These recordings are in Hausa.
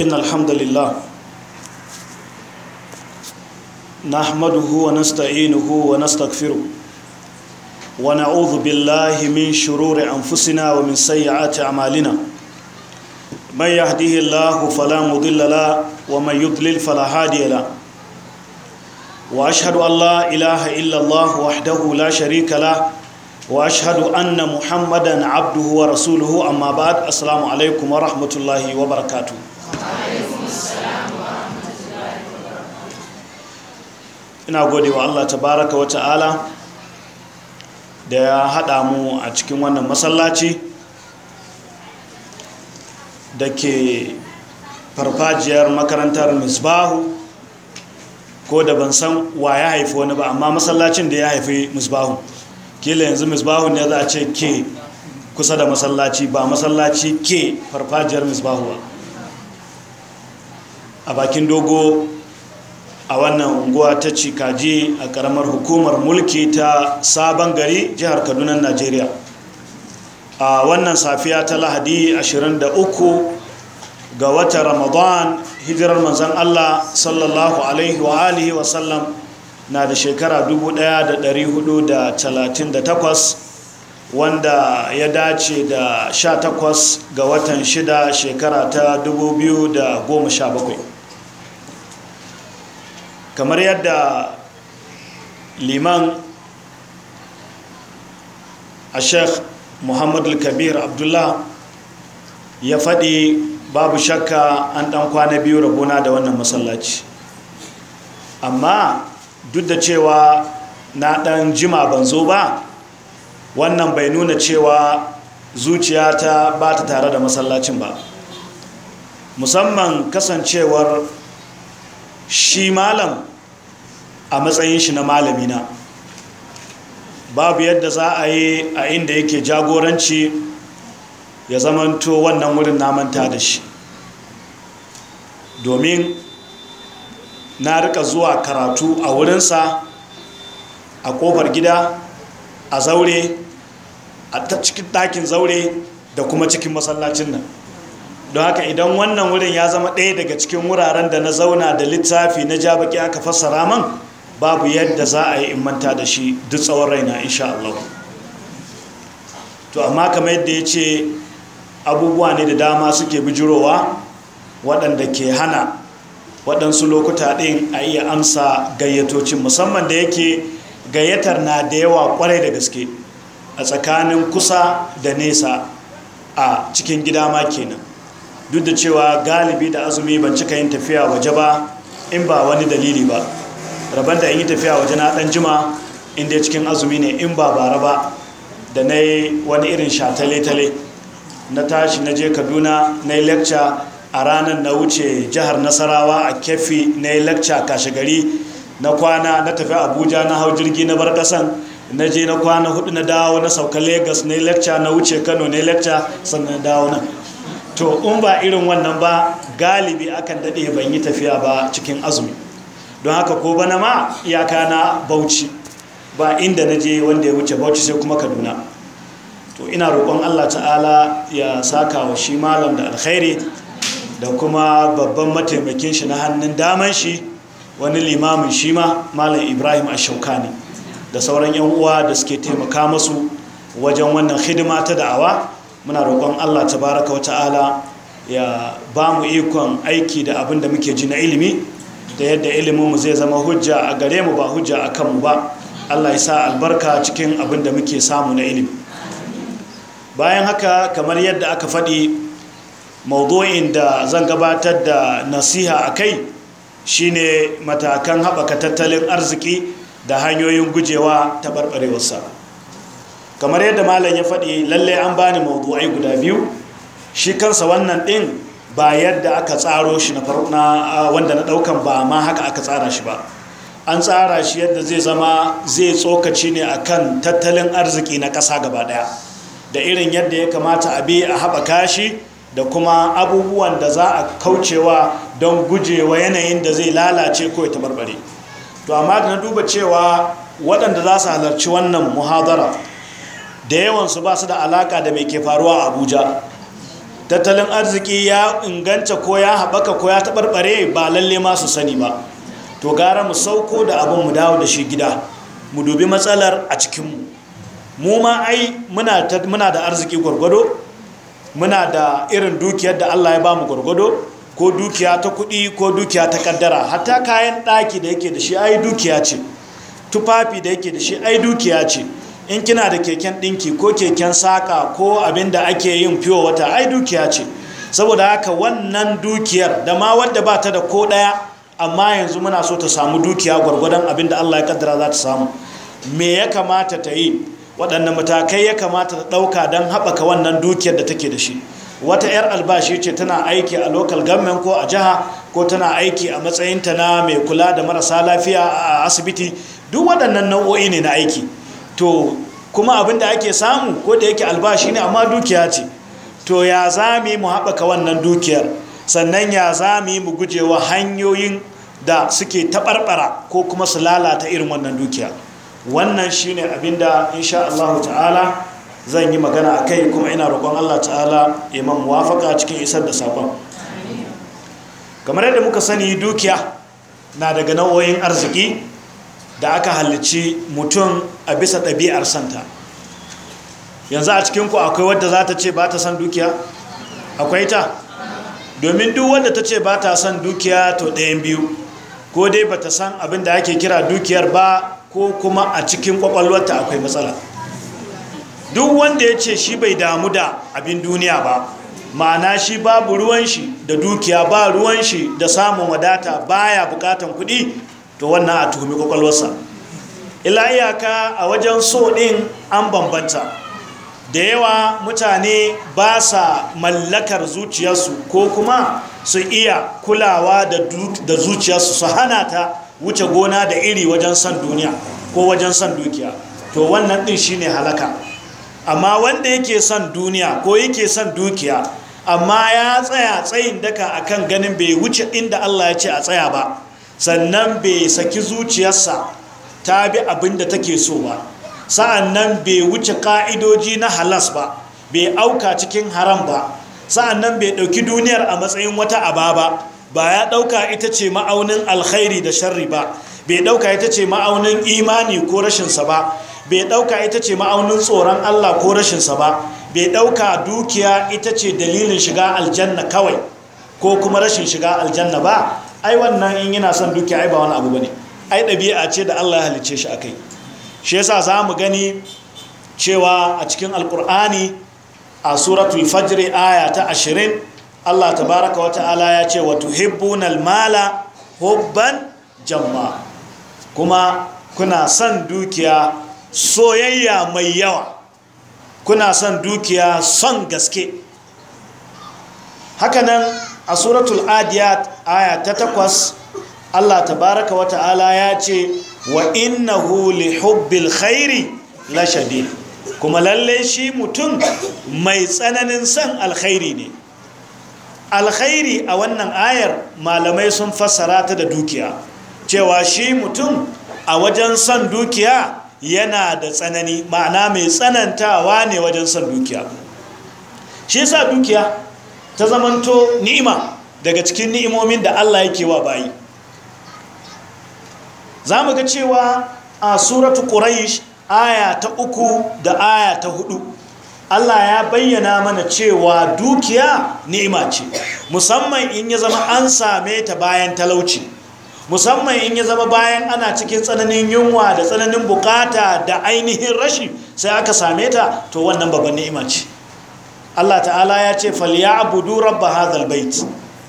إن الحمد لله نحمده ونستعينه ونستغفره ونعوذ بالله من شرور أنفسنا ومن سيئات أعمالنا من يهده الله فلا مضل له ومن يضلل فلا هادي له وأشهد أن لا إله إلا الله وحده لا شريك له واشهد ان محمدا عبده ورسوله اما بعد السلام عليكم ورحمه الله وبركاته ina gode wa Allah tabaraka wa ta'ala da ya haɗa mu a cikin wannan masallaci da ke farfajiyar makarantar misbahu ko da ban san wa ya haifi wani ba amma masallacin da ya haifi misbahu kila yanzu misbahu ne za a ce ke kusa da masallaci ba masallaci ke farfajiyar misbahu ba a bakin dogo a wannan unguwa ta cikaji a karamar hukumar mulki ta sabon gari jihar kaduna najeriya a wannan safiya ta lahadi 23 ga watan ramadan hijirar manzan allah sallallahu alaihi wa alihi wasallam na da shekara 1438 wanda ya dace da 18 ga watan 6 shekara ta 2017 kamar yadda liman a sheikh muhammadu kabir abdullah ya faɗi babu shakka an ɗan kwana biyu rabona da wannan masallaci amma duk da cewa na ɗan jima ban zo ba wannan bai nuna cewa zuciyata ba ta tare da masallacin ba musamman kasancewar shi malam a matsayin shi na malamina babu yadda za a yi a inda yake jagoranci ya zamanto wannan wurin namanta da shi domin na rika zuwa karatu a wurinsa a kofar gida a zaure a cikin ɗakin zaure da kuma cikin masallacin nan don haka idan wannan wurin ya zama ɗaya daga cikin wuraren da na zauna da littafi na ja baki aka fassara man babu yadda za a yi in manta da shi duk tsawon raina insha Allah to amma kamar yadda ya ce abubuwa ne da dama suke bijirowa waɗanda ke hana waɗansu lokuta ɗin a iya amsa gayyatocin musamman da yake gayyatar na da yawa kwarai da gaske a tsakanin kusa da nesa a cikin gida ma kenan duk da cewa galibi da azumi ban cika yin tafiya waje ba in ba wani dalili ba rabar da in yi tafiya waje na dan jima inda cikin azumi ne in ba bara ba da na yi wani irin shatale-tale na tashi na je kaduna na yi lecture a ranar na wuce jihar nasarawa a kefi na yi lecture kashe gari na kwana na tafi abuja na hau jirgi na bar kasan na je na kwana hudu na dawo na sauka lagos na lecture na wuce kano na lecture sannan dawo nan to in ba irin wannan ba galibi akan daɗe ban yi tafiya ba cikin azumi don haka ko bana ma iyaka na bauchi ba inda na je wanda ya wuce bauchi sai kuma kaduna to ina roƙon allah ta'ala ya saka wa shi malam da alkhairi da kuma babban mataimakin shi na hannun daman shi wani limamin shi ma malam ibrahim ne da sauran yan uwa da suke taimaka masu wajen wannan hidima ta da'awa muna roƙon allah Ta baraka wa ta'ala ya ba mu ikon aiki da abin da muke ji na ilimi da yadda iliminmu zai zama hujja a gare mu ba hujja a kanmu ba allah ya sa albarka cikin abin da muke samu na ilimi bayan haka kamar yadda aka faɗi maudu'in da zan gabatar da nasiha a kai shine matakan haɓaka tattalin arziki da hanyoyin gujewa ta taɓarɓarewarsa kamar yadda malam ya faɗi lallai an bani mawdu'ai guda biyu shi kansa wannan ɗin ba yadda aka tsaro shi na wanda na ɗaukan ba ma haka aka tsara shi ba an tsara shi yadda zai zama zai tsokaci ne a kan tattalin arziki na ƙasa gaba ɗaya da irin yadda ya kamata a bi a haɓaka shi da kuma abubuwan da za a kaucewa don gujewa yanayin da zai lalace ko ya tabarbare to amma da na duba cewa waɗanda za su halarci wannan muhadara da yawansu ba su da alaka da mai ke faruwa a abuja tattalin arziki ya inganta ko ya haɓaka ko ya taɓarɓare ba lalle ma su sani ba to gara mu sauko da abin mu dawo da shi gida mu dubi matsalar a cikinmu mu ma ai muna da arziki gwargwado muna da irin dukiyar da allah ya ba mu gwargwado ko dukiya ta kuɗi ko dukiya ta kaddara hatta kayan ɗaki da yake da shi ai dukiya ce tufafi da yake da shi ai dukiya ce in kina da keken ɗinki ko keken saka ko abin da ake yin fiyo wata ai dukiya ce saboda haka wannan dukiyar da ma wadda ba ta da ko daya amma yanzu muna so ta samu dukiya gwargwadon abin da allah ya kaddara za ta samu me ya kamata ta yi waɗannan matakai ya kamata ta ɗauka don haɓaka wannan dukiyar da take da shi wata 'yar albashi ce tana aiki a lokal government ko a jiha ko tana aiki a matsayinta na mai kula da marasa lafiya a asibiti duk waɗannan nau'o'i ne na aiki to kuma abin da ake samu ko da yake albashi ne amma dukiya ce to ya za mu haɓaka wannan dukiyar sannan ya za mu mu gujewa hanyoyin da suke taɓarɓara ko kuma su lalata irin wannan dukiya wannan shine abin da insha Allah ta'ala zan yi magana a kai kuma ina roƙon Allah ta'ala imam wafaka cikin isar da saƙon kamar yadda muka sani dukiya na daga nau'o'in arziki da aka halici mutum a bisa ɗabi'ar santa yanzu a cikinku akwai wadda za ta ce ba ta san dukiya akwai ta domin duk wadda ta ce ba ta san dukiya to ɗayan biyu ko dai ba ta san abin da ake kira dukiyar ba ko kuma a cikin ƙwaƙwalwarta akwai matsala duk wanda ya ce shi bai damu da abin duniya ba ma'ana shi babu ruwan shi da dukiya ba ruwan shi da samun wadata baya bukatan kudi. to wannan a tuhumi kwakwalwarsa ila iyaka a wajen so din an bambanta da yawa mutane ba sa mallakar zuciyarsu ko kuma su iya kulawa da zuciyarsu su hana ta wuce gona da iri wajen san duniya ko wajen san dukiya to wannan ɗin shine halaka amma wanda yake son duniya ko yake son dukiya amma ya tsaya tsayin daka akan ganin bai wuce inda Allah ya ce a tsaya ba sannan bai saki zuciyarsa ta bi abin da take so ba sa'an nan bai wuce ka'idoji na halas ba bai auka cikin haram ba sa'an nan bai ɗauki duniyar a matsayin wata aba ba ba ya ɗauka ita ce ma'aunin alkhairi da sharri ba bai ɗauka ita ce ma'aunin imani ko rashinsa ba bai ɗauka ita ce ma'aunin tsoron Allah ko rashinsa ba bai ɗauka dukiya ita ce dalilin shiga aljanna kawai ko kuma rashin shiga aljanna ba ai wannan in yana son dukiya ai ba wani abu bane ai ɗabi'a ce da Allah ya halice shi akai shi yasa za mu gani cewa a cikin alkur'ani a suratul fajr aya ta 20 Allah tabaraka wata'ala ya ce wa tuhibbunal mala hubban jamma kuma kuna son dukiya soyayya mai yawa kuna son dukiya son gaske hakanan a suratul adiyat aya ta takwas Allah Ta baraka wa ta'ala ya ce wa innahu li hubbil khairi la shadi. kuma lalle shi mutum mai tsananin son alkhairi ne alkhairi a wannan ayar malamai sun fassara ta da dukiya cewa shi mutum a wajen son dukiya yana da tsanani ma'ana mai tsanantawa ne wajen son dukiya shi sa dukiya ta zamanto ni'ima daga cikin ni'imomin da Allah yake wa bayi za mu ga cewa a suratu ƙuraish aya ta uku da aya ta hudu Allah ya bayyana mana cewa dukiya ni'ima ce musamman in ya zama an same ta bayan talauci musamman in ya zama bayan ana cikin tsananin yunwa da tsananin bukata da ainihin rashi sai aka same ta to wannan babban ni'ima ce Allah ta'ala ya ce falyabudu rabb hadhal bait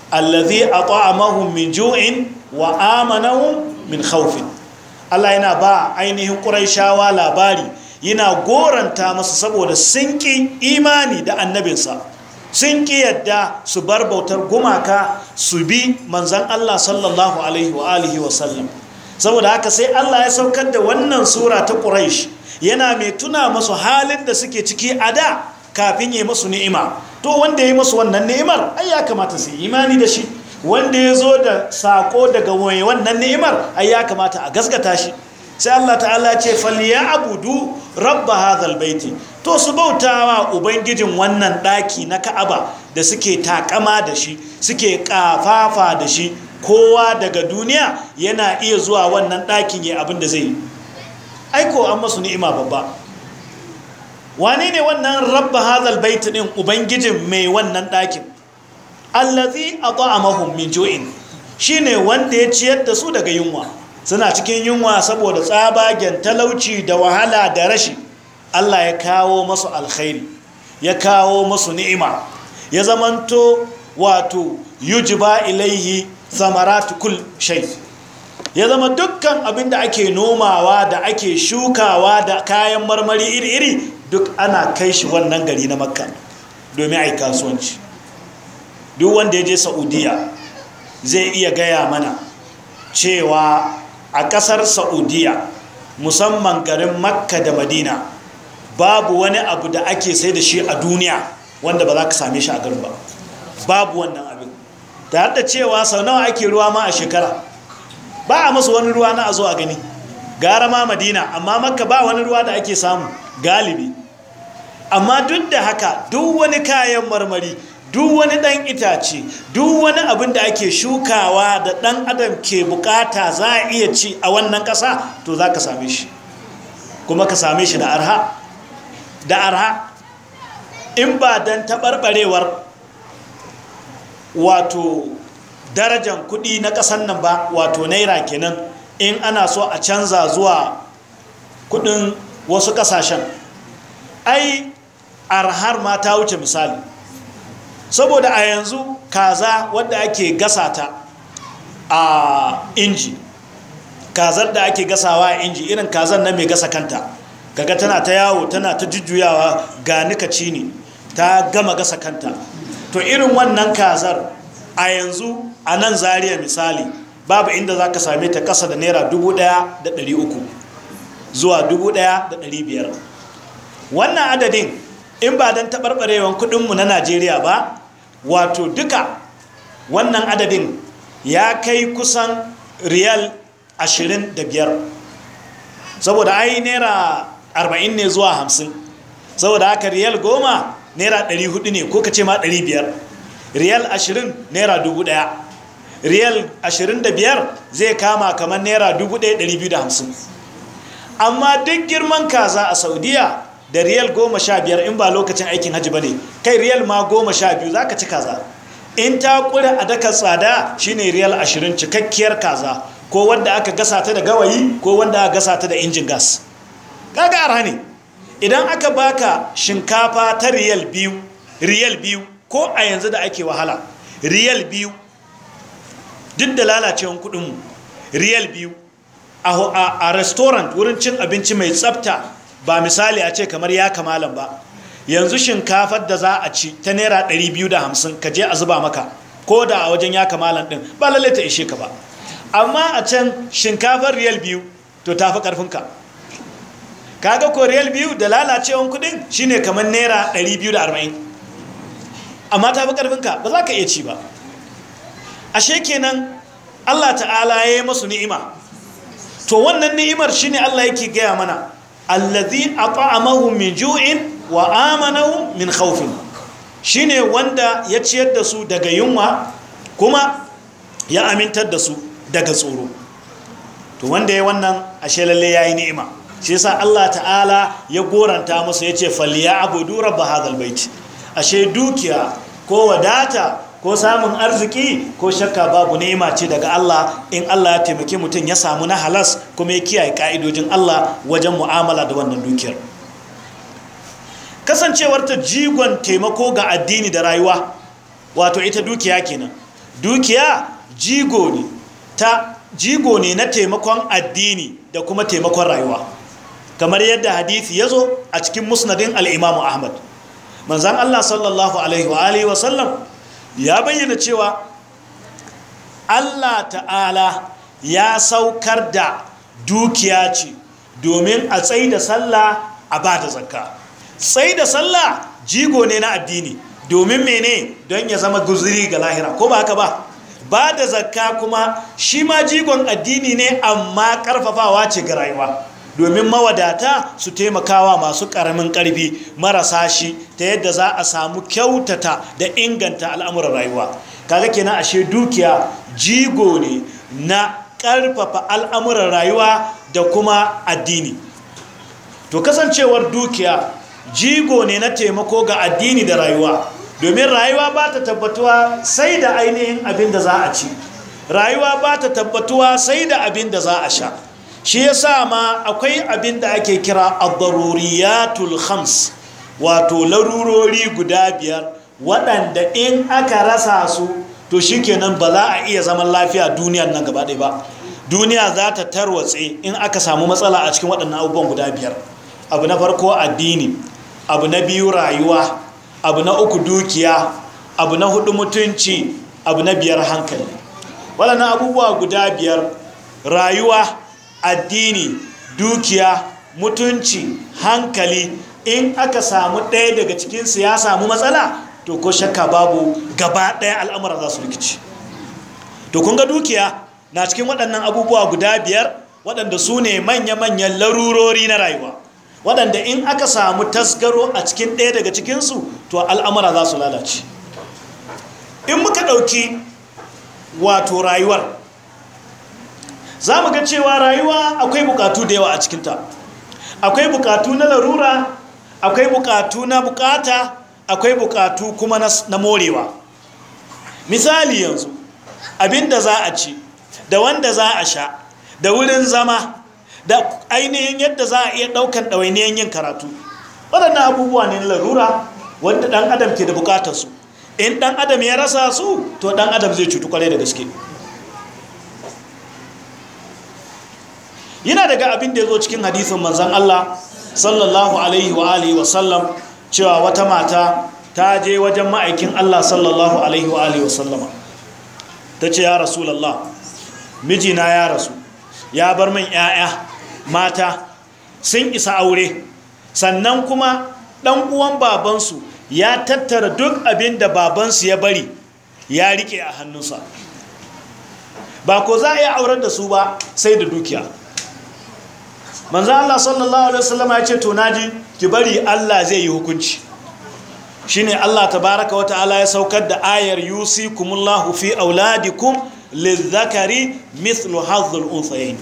allazi at'amahum min ju'in wa amanahum min khawf Allah yana ba ainihin quraishawa labari yana goranta masu saboda sun imani da annabinsa sun ki yadda su bar bautar gumaka su bi manzan Allah sallallahu alaihi wa alihi wa sallam saboda haka sai Allah ya saukar da wannan sura ta Quraysh yana mai tuna masu halin da suke ciki a da kafin yi masu ni'ima to wanda ya yi masu wannan ni'imar ai ya kamata su imani da shi wanda ya zo da saƙo daga wannan ni'imar ai ya kamata a gaskata shi sai Allah ta'ala ce abudu rabba hazal baiti to su bautawa ubangijin wannan daki na Ka'aba da suke takama da shi suke kafafa da shi kowa daga duniya yana iya zuwa wannan dakin yayin abin da zai yi aiko an masu ni'ima babba wane ne wannan rabba hazal baiti din ubangijin mai wannan dakin allazi at'amahum min ju'in shine wanda ya ciyar da su daga yunwa suna cikin yunwa saboda tsabagen talauci da wahala da rashi Allah ya kawo masu alkhairi ya kawo masu ni'ima ya zamanto wato yujiba ilaihi samaratu kul shay ya zama dukkan abinda ake nomawa da ake shukawa da kayan marmari iri-iri duk ana kai shi wannan gari na makka domin a yi kasuwanci duk wanda ya je saudiya zai iya gaya mana cewa a ƙasar saudiya musamman garin makka da madina babu wani abu da ake sai da shi a duniya wanda ba za ka same shi a garin ba babu wannan abin ta hada cewa sau nawa ake ruwa ma a shekara ba a masu wani ruwa na a zo a gani gara ma madina amma makka ba wani ruwa da ake samu galibi amma duk da haka duk wani kayan marmari duk wani ɗan itace duk wani abin da ake shukawa da ɗan adam ke bukata za a iya ci a wannan ƙasa to za ka same shi kuma ka same shi da arha da arha in ba don taɓarɓarewar wato darajan kuɗi na ƙasan nan ba wato naira kenan in ana so a canza zuwa kuɗin wasu ƙasashen ai arhar ma ta wuce misali saboda a yanzu kaza wadda ake gasa ta a inji kazar da ake gasawa a inji irin kazar na mai gasa kanta kaga tana ta yawo tana ta jujjuyawa ga nika ne. ta gama gasa kanta to irin wannan kazar a yanzu a nan zariya misali babu inda za ka same ta kasa da naira 1,300 zuwa 1,500 wannan adadin in ba don taɓarɓarewan kudinmu na najeriya ba wato duka wannan adadin ya kai kusan riyal 25 saboda ai naira 40 ne zuwa 50 saboda aka riyal 10 naira 400 ne ko ka ce ma 500 riyal 20 naira 1000 riyal 25 zai kama kamar naira 1250 amma duk girman kaza a saudiya da riyal goma sha biyar in ba lokacin aikin hajji ba ne kai riyal ma goma sha biyu za ka ci kaza in ta kura a daka tsada shine riyal ashirin cikakkiyar kaza ko wanda aka gasa ta da gawayi ko wanda aka gasa ta da injin gas kaga a rani idan aka baka shinkafa ta riyal biyu riyal biyu ko a yanzu da ake wahala riyal biyu duk da lalacewan kudinmu riyal biyu a restaurant wurin cin abinci mai tsafta ba misali a ce kamar ya kamalan ba yanzu shinkafar da za a ci ta naira 250 ka je a zuba maka ko da a wajen ya kamalan din ba lalle ta ishe ka ba amma a can shinkafar riyal biyu to tafi karfinka kaga ko riyal biyu da lalacewan kudin shine kamar naira 240 amma tafi karfinka ba za ka iya ci ba ashe kenan Allah ta'ala ya yi masu ni'ima to wannan ni'imar shine Allah yake gaya mana allazi at'amahum min ju'in wa amanahum min khawfin shine wanda ya ciyar da su daga yunwa kuma ya amintar da su daga tsoro to wanda ya wannan ashe lalle yayi ni'ima shi yasa Allah ta'ala ya goranta musu yace falyabudu rabb hadhal bait ashe dukiya ko wadata ko samun arziki ko shakka babu nema ce daga Allah in Allah ya taimake mutum ya samu na halas kuma ya kiyaye ka'idojin Allah wajen mu'amala da wannan dukiyar kasancewar ta jigon taimako ga addini da rayuwa wato ita dukiya kenan dukiya jigo ne ta jigo ne na taimakon addini da kuma taimakon rayuwa kamar yadda hadisi yazo a cikin musnadin al-Imam ahmad manzon Allah sallallahu alaihi wa sallam ya bayyana cewa Allah ta'ala ya saukar da dukiya ce domin a tsaye da sallah a ba da zakka tsaye da sallah jigo ne na addini domin mene don ya zama guzuri ga lahira ko ba haka ba ba da zakka kuma shi ma jigon addini ne amma karfafawa ce ga rayuwa domin mawadata su taimakawa masu ƙaramin ƙarfi marasa shi ta yadda za a samu kyautata da inganta al'amuran rayuwa kaga kenan ashe dukiya jigo ne na ƙarfafa al'amuran rayuwa da kuma addini to kasancewar dukiya jigo ne na taimako ga addini da rayuwa domin rayuwa ba ta tabbatuwa sai da ainihin abin da za a ci rayuwa ba ta tabbatuwa sai da abin da za a sha shi ya sa ma akwai abin da ake kira ad khams wato larurori guda biyar waɗanda in aka rasa su to shi kenan ba za a iya zaman lafiya duniyar nan gaba ɗaya ba duniya za ta tarwatse in aka samu matsala a cikin waɗannan abubuwan guda biyar abu na farko addini abu na biyu rayuwa abu na uku dukiya abu na hudu mutunci abu na biyar hankali waɗannan abubuwa guda biyar rayuwa addini dukiya mutunci hankali in aka samu ɗaya daga cikinsu ya samu matsala to ko shakka babu gaba ɗaya al'amura za su rikici to kun ga dukiya na cikin waɗannan abubuwa guda biyar waɗanda su ne manya-manyan larurori na rayuwa waɗanda in aka samu tasgaro a cikin ɗaya daga cikinsu to al'amura za su lalace in muka ɗauki wato rayuwar za mu ga cewa rayuwa akwai bukatu da yawa a cikinta akwai bukatu na larura akwai bukatu na bukata akwai bukatu kuma na morewa misali yanzu abinda za a ci da wanda za a sha da wurin zama da ainihin yadda za a iya daukan ɗawainiyan yin karatu waɗannan abubuwa ne larura wanda ɗan adam ke da bukatarsu in ɗan adam ya rasa su to ɗan adam zai cutu kwarai da gaske yana daga abin da ya zo cikin hadisun manzan Allah sallallahu alaihi wa alihi wa sallam cewa wata mata ta je wajen ma'aikin Allah sallallahu alaihi wa alihi wa sallama ta ce ya rasulallah mijina ya rasu ya bar min 'ya'ya mata sun isa aure sannan kuma ɗan uwan babansu ya tattara duk abin da babansu ya bari ya riƙe a hannunsa ba ko za a yi auren da su ba sai da dukiya manzo Allah sallallahu alaihi wasallam ya ce to naji ki bari Allah zai yi hukunci shine Allah ta baraka wata ala ya saukar da ayar yusikumullahu fi auladikum lizakari mithlu hazzul unthayayn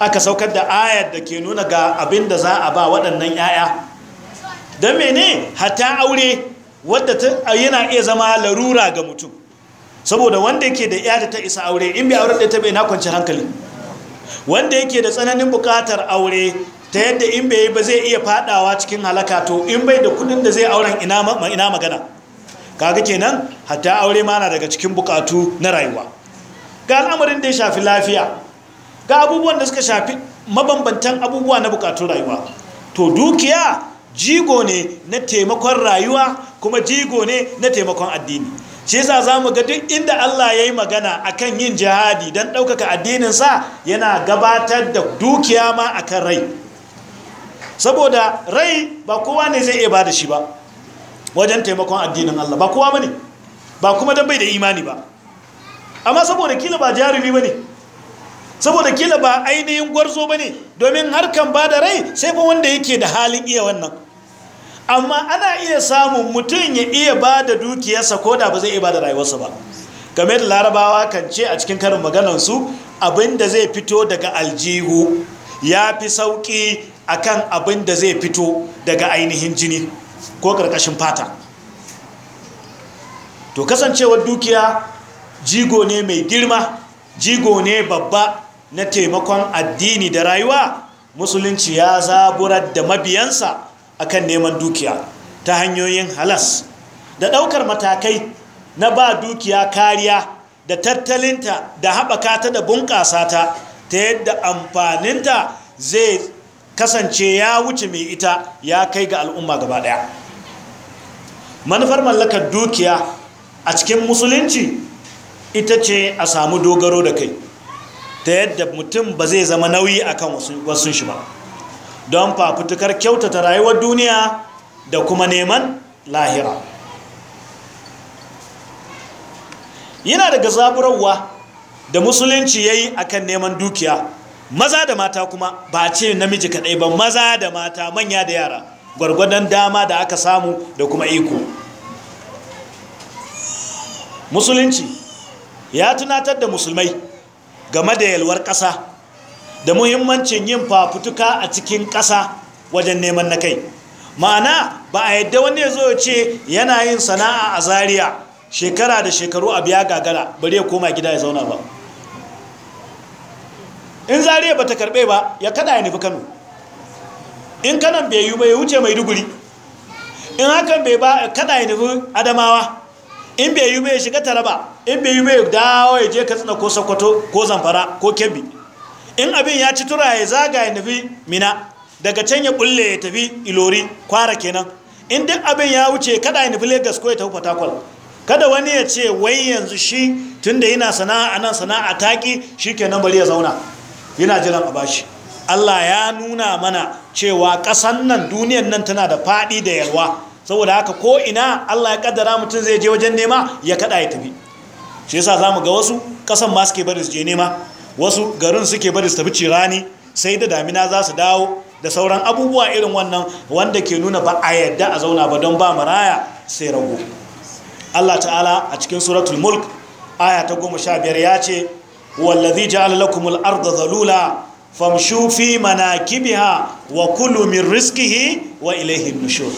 aka saukar da ayar da ke nuna ga abin da za a ba waɗannan 'ya'ya don mene hata aure wadda yana iya zama larura ga mutum saboda wanda yake da ya ta isa aure in bai auren da ta bai na kwanci hankali wanda yake da tsananin bukatar aure ta yadda in bai yi ba zai iya fadawa cikin halaka to in bai da kudin da zai auren ina magana kaga kenan hatta aure ma na daga cikin bukatu na rayuwa ga al'amarin da ya shafi lafiya ga abubuwan da suka shafi mabambantan abubuwa na bukatun rayuwa to dukiya jigo ne na taimakon rayuwa kuma jigo ne na taimakon addini shi za mu ga duk inda Allah ya yi magana akan yin jihadi don ɗaukaka addininsa, yana gabatar da dukiya ma akan rai saboda rai ba kowa ne zai iya bada shi ba wajen taimakon addinin Allah ba kowa ba ne. ba kuma don bai da imani ba amma saboda kila ba jarumi ne, saboda kila ba ainihin gwarzo ne, domin harkan ba da rai sai fa wanda yake da halin iya wannan amma ana iya samun mutum ya iya ba da dukiyarsa ko da ba zai iya ba da rayuwarsa ba game da larabawa kan ce a cikin karin maganansu abin da zai fito daga aljihu ya fi sauƙi kan abin da zai fito daga ainihin jini ko ƙarƙashin fata to kasancewar dukiya jigo ne mai girma jigo ne babba na taimakon addini da rayuwa musulunci ya zaburar da mabiyansa akan neman dukiya ta hanyoyin halas da ɗaukar matakai na ba dukiya kariya da tattalinta da haɓaka ta da bunƙasa ta ta yadda amfaninta zai kasance ya wuce mai ita ya kai ga al'umma gaba ɗaya manufar mallakar dukiya a cikin musulunci ita ce a samu dogaro da kai ta yadda mutum ba zai zama nauyi akan wasu shi ba don fafutukar kyautata rayuwar duniya da kuma neman lahira yana daga zaburarwa da musulunci ya yi a kan neman dukiya maza da mata kuma ba ce namiji kaɗai ba maza da mata manya da yara gwargwadon dama da aka samu da kuma iko musulunci ya tunatar da musulmai game da yalwar ƙasa da muhimmancin yin fafutuka a cikin ƙasa wajen neman na kai ma'ana ba a yadda wani ya zo ya ce yana yin sana'a a zariya shekara da shekaru a biya gagara bari ya koma gida ya zauna ba in zariya ba ta karɓe ba ya kada ya nufi kano in kanan bai yi ba ya wuce mai duguri in hakan bai ba kada ya nufi adamawa in bai yi ba shiga taraba in bai yi ba ya dawo ya je katsina ko sokoto ko zamfara ko kebbi in abin ya ci tura ya zaga ya nufi mina daga can ya bulle ya tafi ilori kwara kenan in duk abin ya wuce kada ya nufi Legas ko ya tafi fatakwal kada wani ya ce wai yanzu shi tun da yana sana'a nan sana'a taƙi shi kenan bari ya zauna yana jiran a bashi allah ya nuna mana cewa ƙasan nan duniyan nan tana da faɗi da yalwa saboda haka ko ina allah ya ƙaddara mutum zai je wajen nema ya kada ya tafi shi yasa za mu ga wasu ƙasan ma suke bari su je nema wasu garin suke bari su tafi cirani sai da damina za su dawo da sauran abubuwa irin wannan wanda ke nuna ba a yadda a zauna ba don ba maraya sai rago Allah ta'ala a cikin suratul mulk aya ta goma sha biyar ya ce wallazi ja'ala lakumul arda zalula famshu fi manakibiha wa kulu min rizqihi wa ilayhi nushur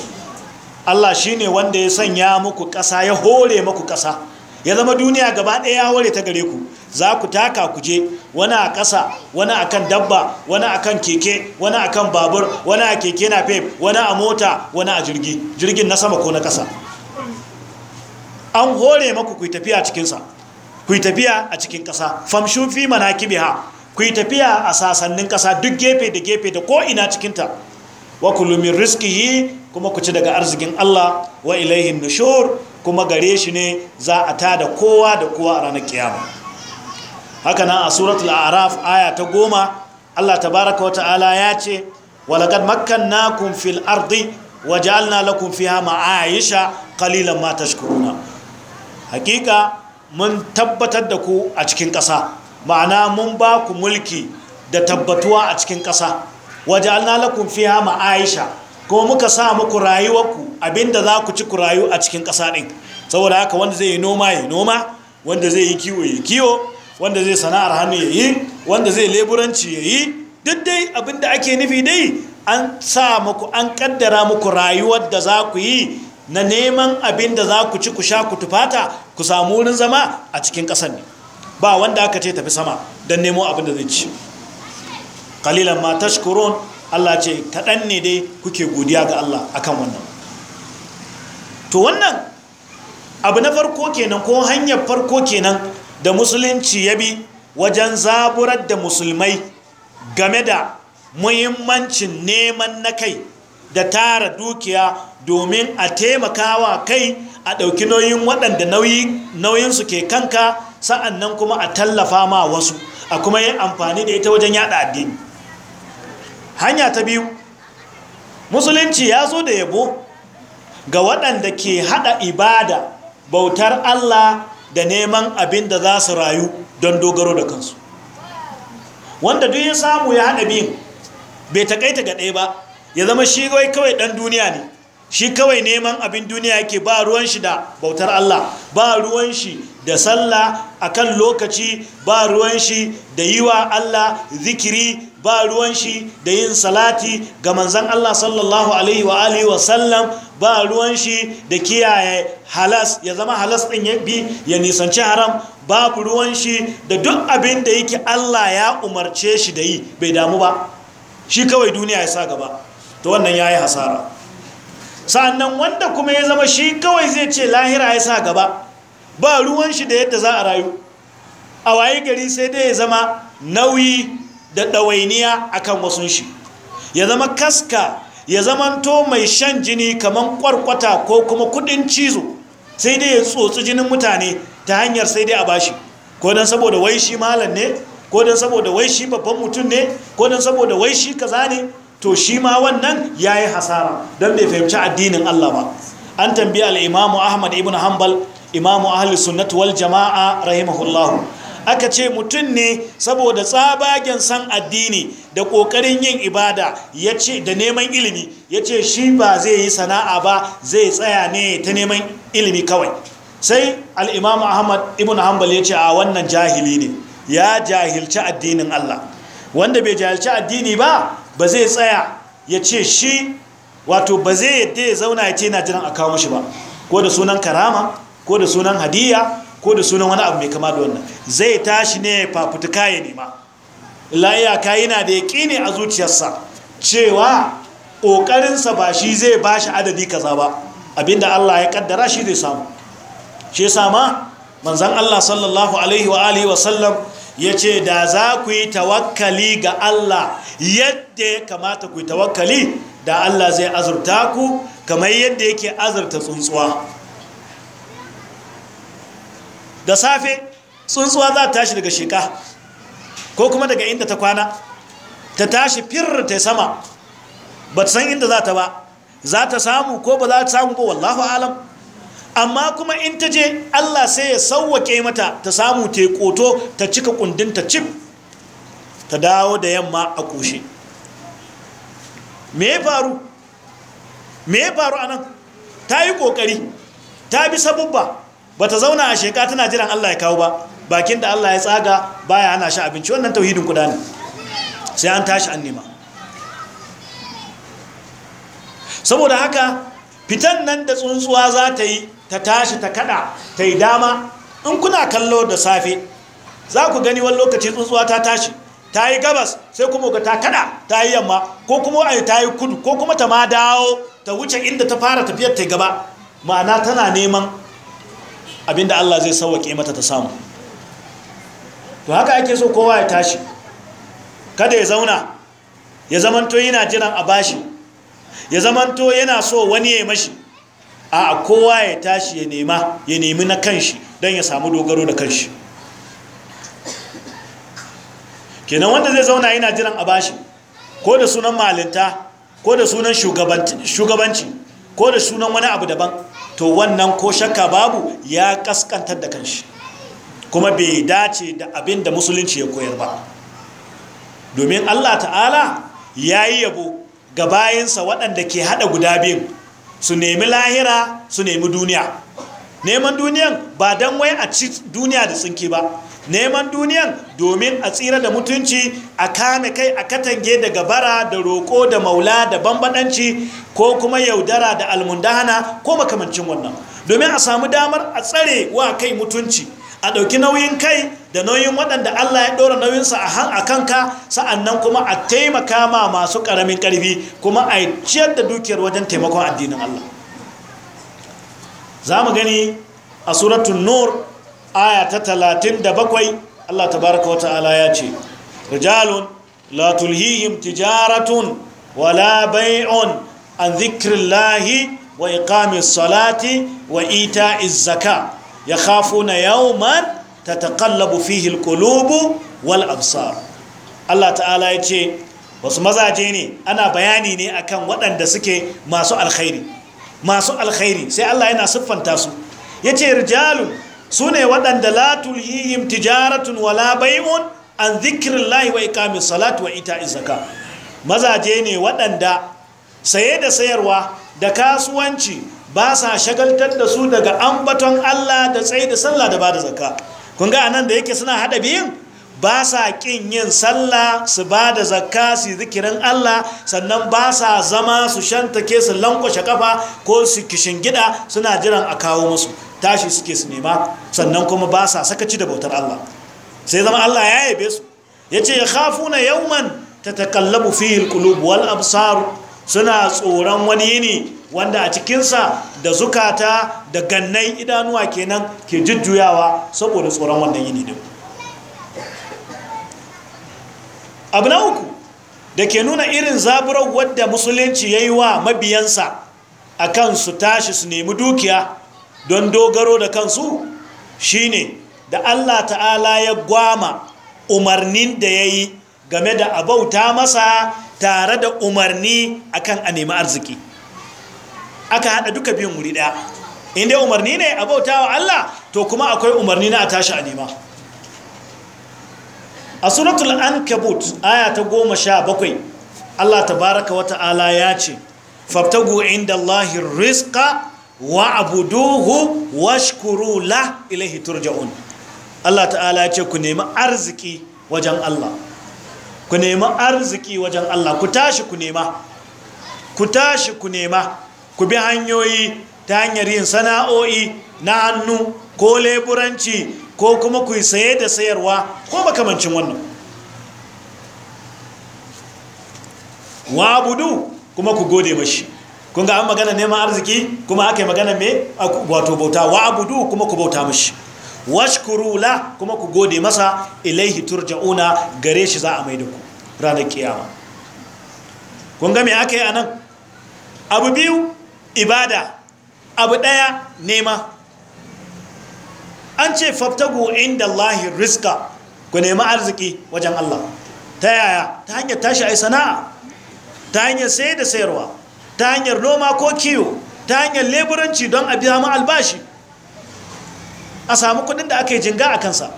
Allah shine wanda ya sanya muku ƙasa ya hore muku ƙasa ya zama duniya gaba ɗaya ya ware ta gare ku za ku taka ku je wani a ƙasa wani a kan dabba wani a kan keke wani a kan babur wani a keke na fef wani a mota wani a jirgi jirgin na sama ko na ƙasa an hore maku ku tafiya cikinsa ku tafiya a cikin ƙasa famshin fi mana ha. ku tafiya a sasannin ƙasa duk gefe da gefe da ko'ina cikinta wa kulumin riskihi kuma ku ci daga arzikin Allah wa ilaihin nushur kuma gare shi ne za a tada kowa da kowa a ranar kiyama haka nan a suratul araf aya ta goma allah tabaraka wa ta'ala ya ce walakad makkannakum fil ardi waja'alna lakum fiha ma'aisha qalilan ma tashkuruna hakika mun tabbatar da ku a cikin ƙasa ma'ana mun ba ku mulki da tabbatuwa a cikin ƙasa waja'alna lakum fiha ma'aisha kuma muka sa muku rayuwarku abinda za ku ci ku rayu a cikin ƙasa ɗin saboda haka wanda zai yi noma ya noma wanda zai yi kiwo ya kiwo wanda zai sana'ar hannu ya yi wanda zai leburanci ya yi duk dai abinda ake nufi dai an sa muku an kaddara muku rayuwar da za ku yi na neman abin da za ku ci ku sha ku tufata ku samu wurin zama a cikin ƙasar ne ba wanda aka ce tafi sama don nemo abin da zai ci kalilan ma Allah ce kaɗan ne dai kuke godiya ga Allah akan wannan to wannan abu na farko kenan ko hanyar farko kenan da musulunci ya bi wajen zaburar da musulmai game da muhimmancin neman na kai da tara dukiya domin a taimakawa kai a ɗauki nauyin waɗanda nauyinsu ke kanka sa'an nan kuma a tallafa ma wasu a kuma yin amfani da ita wajen yada addini hanya ta biyu musulunci ya zo da yabo ga waɗanda ke haɗa ibada bautar Allah da neman abin da za su rayu don dogaro da kansu wanda duk ya samu ya haɗa biyun bai taƙaita ga ɗaya ba ya zama shi kawai kawai ɗan duniya ne shi kawai neman abin duniya yake ba ruwan shi da bautar Allah ba ruwan shi da sallah akan lokaci ba ruwan shi da yi wa Allah zikiri ba ruwan shi da yin salati ga manzan Allah sallallahu alaihi wa alihi wa sallam ba ruwan shi da kiyaye halas ya zama halas din ya bi ya nisanci haram babu ruwan shi da duk abin da yake Allah ya umarce shi da yi bai damu ba shi kawai duniya ya sa gaba to wannan yayi hasara sannan wanda kuma ya zama shi kawai zai ce lahira ya sa gaba ba ruwan shi da yadda za a rayu a waye gari sai dai ya zama nauyi da ɗawainiya akan wasu shi ya zama kaska ya zamanto mai shan jini kamar kwarkwata ko kuma kudin cizo sai dai ya tsotsi jinin mutane ta hanyar sai dai a bashi ko don saboda wai shi malam ne ko don saboda wai shi babban mutum ne ko don saboda wai shi kaza ne to shi ma wannan ya yi hasara don bai fahimci addinin Allah ba an tambi al'imamu ahmad ibn hanbal imamu ahli sunnatu wal jama'a rahimahullahu aka ce mutum ne saboda tsabagen san addini da ƙoƙarin yin ibada da neman ilimi ya ce shi ba zai yi sana'a ba zai tsaya ne ta neman ilimi kawai sai al'imamu ahmad ibn hanbal ya ce a wannan jahili ne ya jahilci addinin allah wanda bai jahilci addini ba ba zai tsaya ya ce shi wato ba zai yadda ya zauna ya ce na jiran a kawo shi ba ko da sunan karama ko da sunan hadiya ko da sunan wani abu mai kama da wannan zai tashi ne fafutuka ya nema layaka yana da ne a zuciyarsa cewa ƙoƙarinsa ba shi zai ba shi adadi kaza ba abinda Allah ya ƙaddara shi zai samu shi sama manzan Allah sallallahu alaihi wa alihi wa sallam ya ce da za ku yi tawakkali ga Allah yadda ya kamata ku yi tawakkali da Allah zai azurta ku kamar yadda yake azurta tsuntsuwa da safe tsuntsuwa za ta tashi daga sheka ko kuma daga inda ta kwana ta tashi fir ta sama ba ta san inda za ta ba za ta samu ko ba za ta samu ba wallahu alam amma kuma in ta je allah sai ya sauwake mata ta samu ta ta cika kundinta cif ta dawo da yamma a kushe me faru me ya faru a nan ta yi ƙoƙari ta bi sabubba ba ta zauna a sheka tana jiran allah ya kawo ba bakin da Allah ya tsaga baya hana shi abinci wannan tauhidin kuda ne sai an tashi an nema saboda haka fitan nan da tsuntsuwa za ta yi ta tashi ta kada ta yi dama in kuna kallo da safe za ku gani wani lokaci tsuntsuwa ta tashi ta yi gabas sai kuma ga ta kada ta yi yamma ko kuma a ta yi kudu ko kuma ta ma dawo ta wuce inda ta fara tafiyar ta gaba ma'ana tana neman abinda Allah zai sauwaƙe mata ta samu to haka ake so kowa ya tashi kada ya zauna ya zamanto yana jiran a bashi ya zamanto yana so wani ya mashi a kowa ya tashi ya nema ya nemi na kanshi don ya samu dogaro da kanshi kenan wanda zai zauna yana jiran a bashi ko da sunan malinta ko da sunan shugabanci ko da sunan wani abu daban to wannan ko shakka babu ya kaskantar da kanshi kuma bai dace da abin da musulunci ya koyar ba domin Allah ta'ala ya yi yabo ga bayansa waɗanda ke haɗa guda biyu su nemi lahira su nemi duniya neman duniyan ba don wai a ci duniya da tsinki ba neman duniyan domin a tsira da mutunci a kane kai a katange daga bara da roƙo da maula da bambadanci ko kuma yaudara da almundana ko makamancin wannan domin a samu damar a tsare wa kai mutunci a ɗauki nauyin kai da nauyin waɗanda Allah ya ɗora nauyinsa a han a kanka sa'annan kuma a taimaka ma masu ƙaramin ƙarfi kuma a ciyar da dukiyar wajen taimakon addinin Allah za mu gani a suratun nur aya ta talatin da bakwai Allah ta baraka wa ta'ala ya ce rijalun latulhihim tijaratun wala bai'un an lahi wa iqamis salati wa ita zakah Ya yakhafuna yawman tataqallabu fihi alqulubu wal absar Allah ta'ala yace wasu mazaje ne ana bayani ne akan waɗanda suke masu alkhairi masu alkhairi sai Allah yana siffanta su yace rijalu sune waɗanda la tulhihim tijaratun wala bay'un an zikrillahi wa iqamis salati wa ita'iz zakat mazaje ne waɗanda saye da sayarwa da kasuwanci ba sa shagaltar da su daga ambaton Allah da tsaye da sallah da ba da zakka kun ga anan da yake suna hada biyun ba sa kin yin sallah su ba da zakka su zikirin Allah sannan ba sa zama su shantake su lankwashe kafa ko su kishin gida suna jiran a kawo musu tashi suke su nema sannan kuma ba sa sakaci da bautar Allah sai zama Allah ya yabe su yace yakhafuna yawman tatakallabu fihi alqulub wal absar suna tsoron wani yini wanda a cikinsa da zukata da gannai idanuwa kenan ke jujjuyawa saboda tsoron wannan yini din abu na uku da ke nuna irin zaburar wadda musulunci ya yi wa mabiyansa a kansu su tashi su nemi dukiya don dogaro da kansu shine da allah ta'ala ya gwama umarnin da ya yi game da abauta masa tare da umarni akan a nemi arziki aka haɗa duka biyun wuri ɗaya inda umarni ne a bauta wa Allah to kuma akwai umarni na a tashi a nema a suratul ankabut aya ta goma sha bakwai Allah Ta baraka wa ta'ala ya ce faftagu inda Allah rizqa wa abuduhu shukuru la ilahi turja'un Allah ta'ala ya ce ku nemi arziki wajen Allah ku nemi arziki wajen Allah ku tashi ku nema ku tashi ku nema ku bi hanyoyi ta hanyar yin sana'o'i na hannu ko leburanci ko kuma ku yi saye da sayarwa ko makamancin wannan wabudu kuma ku gode mashi kun ga an magana neman arziki kuma aka yi magana mai wato bauta wabudu kuma ku bauta mashi washkuru la kuma ku gode masa ilaihi turja'una gare shi za a maida ku ranar kiyama kun ga me aka yi anan abu biyu ibada abu ɗaya nema an ce faftagu inda Allah riska ku nema arziki wajen Allah ta yaya ta hanyar tashi a sana'a ta hanyar sai da sayarwa ta hanyar noma ko kiwo ta hanyar leburanci don a biya mu albashi a samu kudin da aka yi jinga a kansa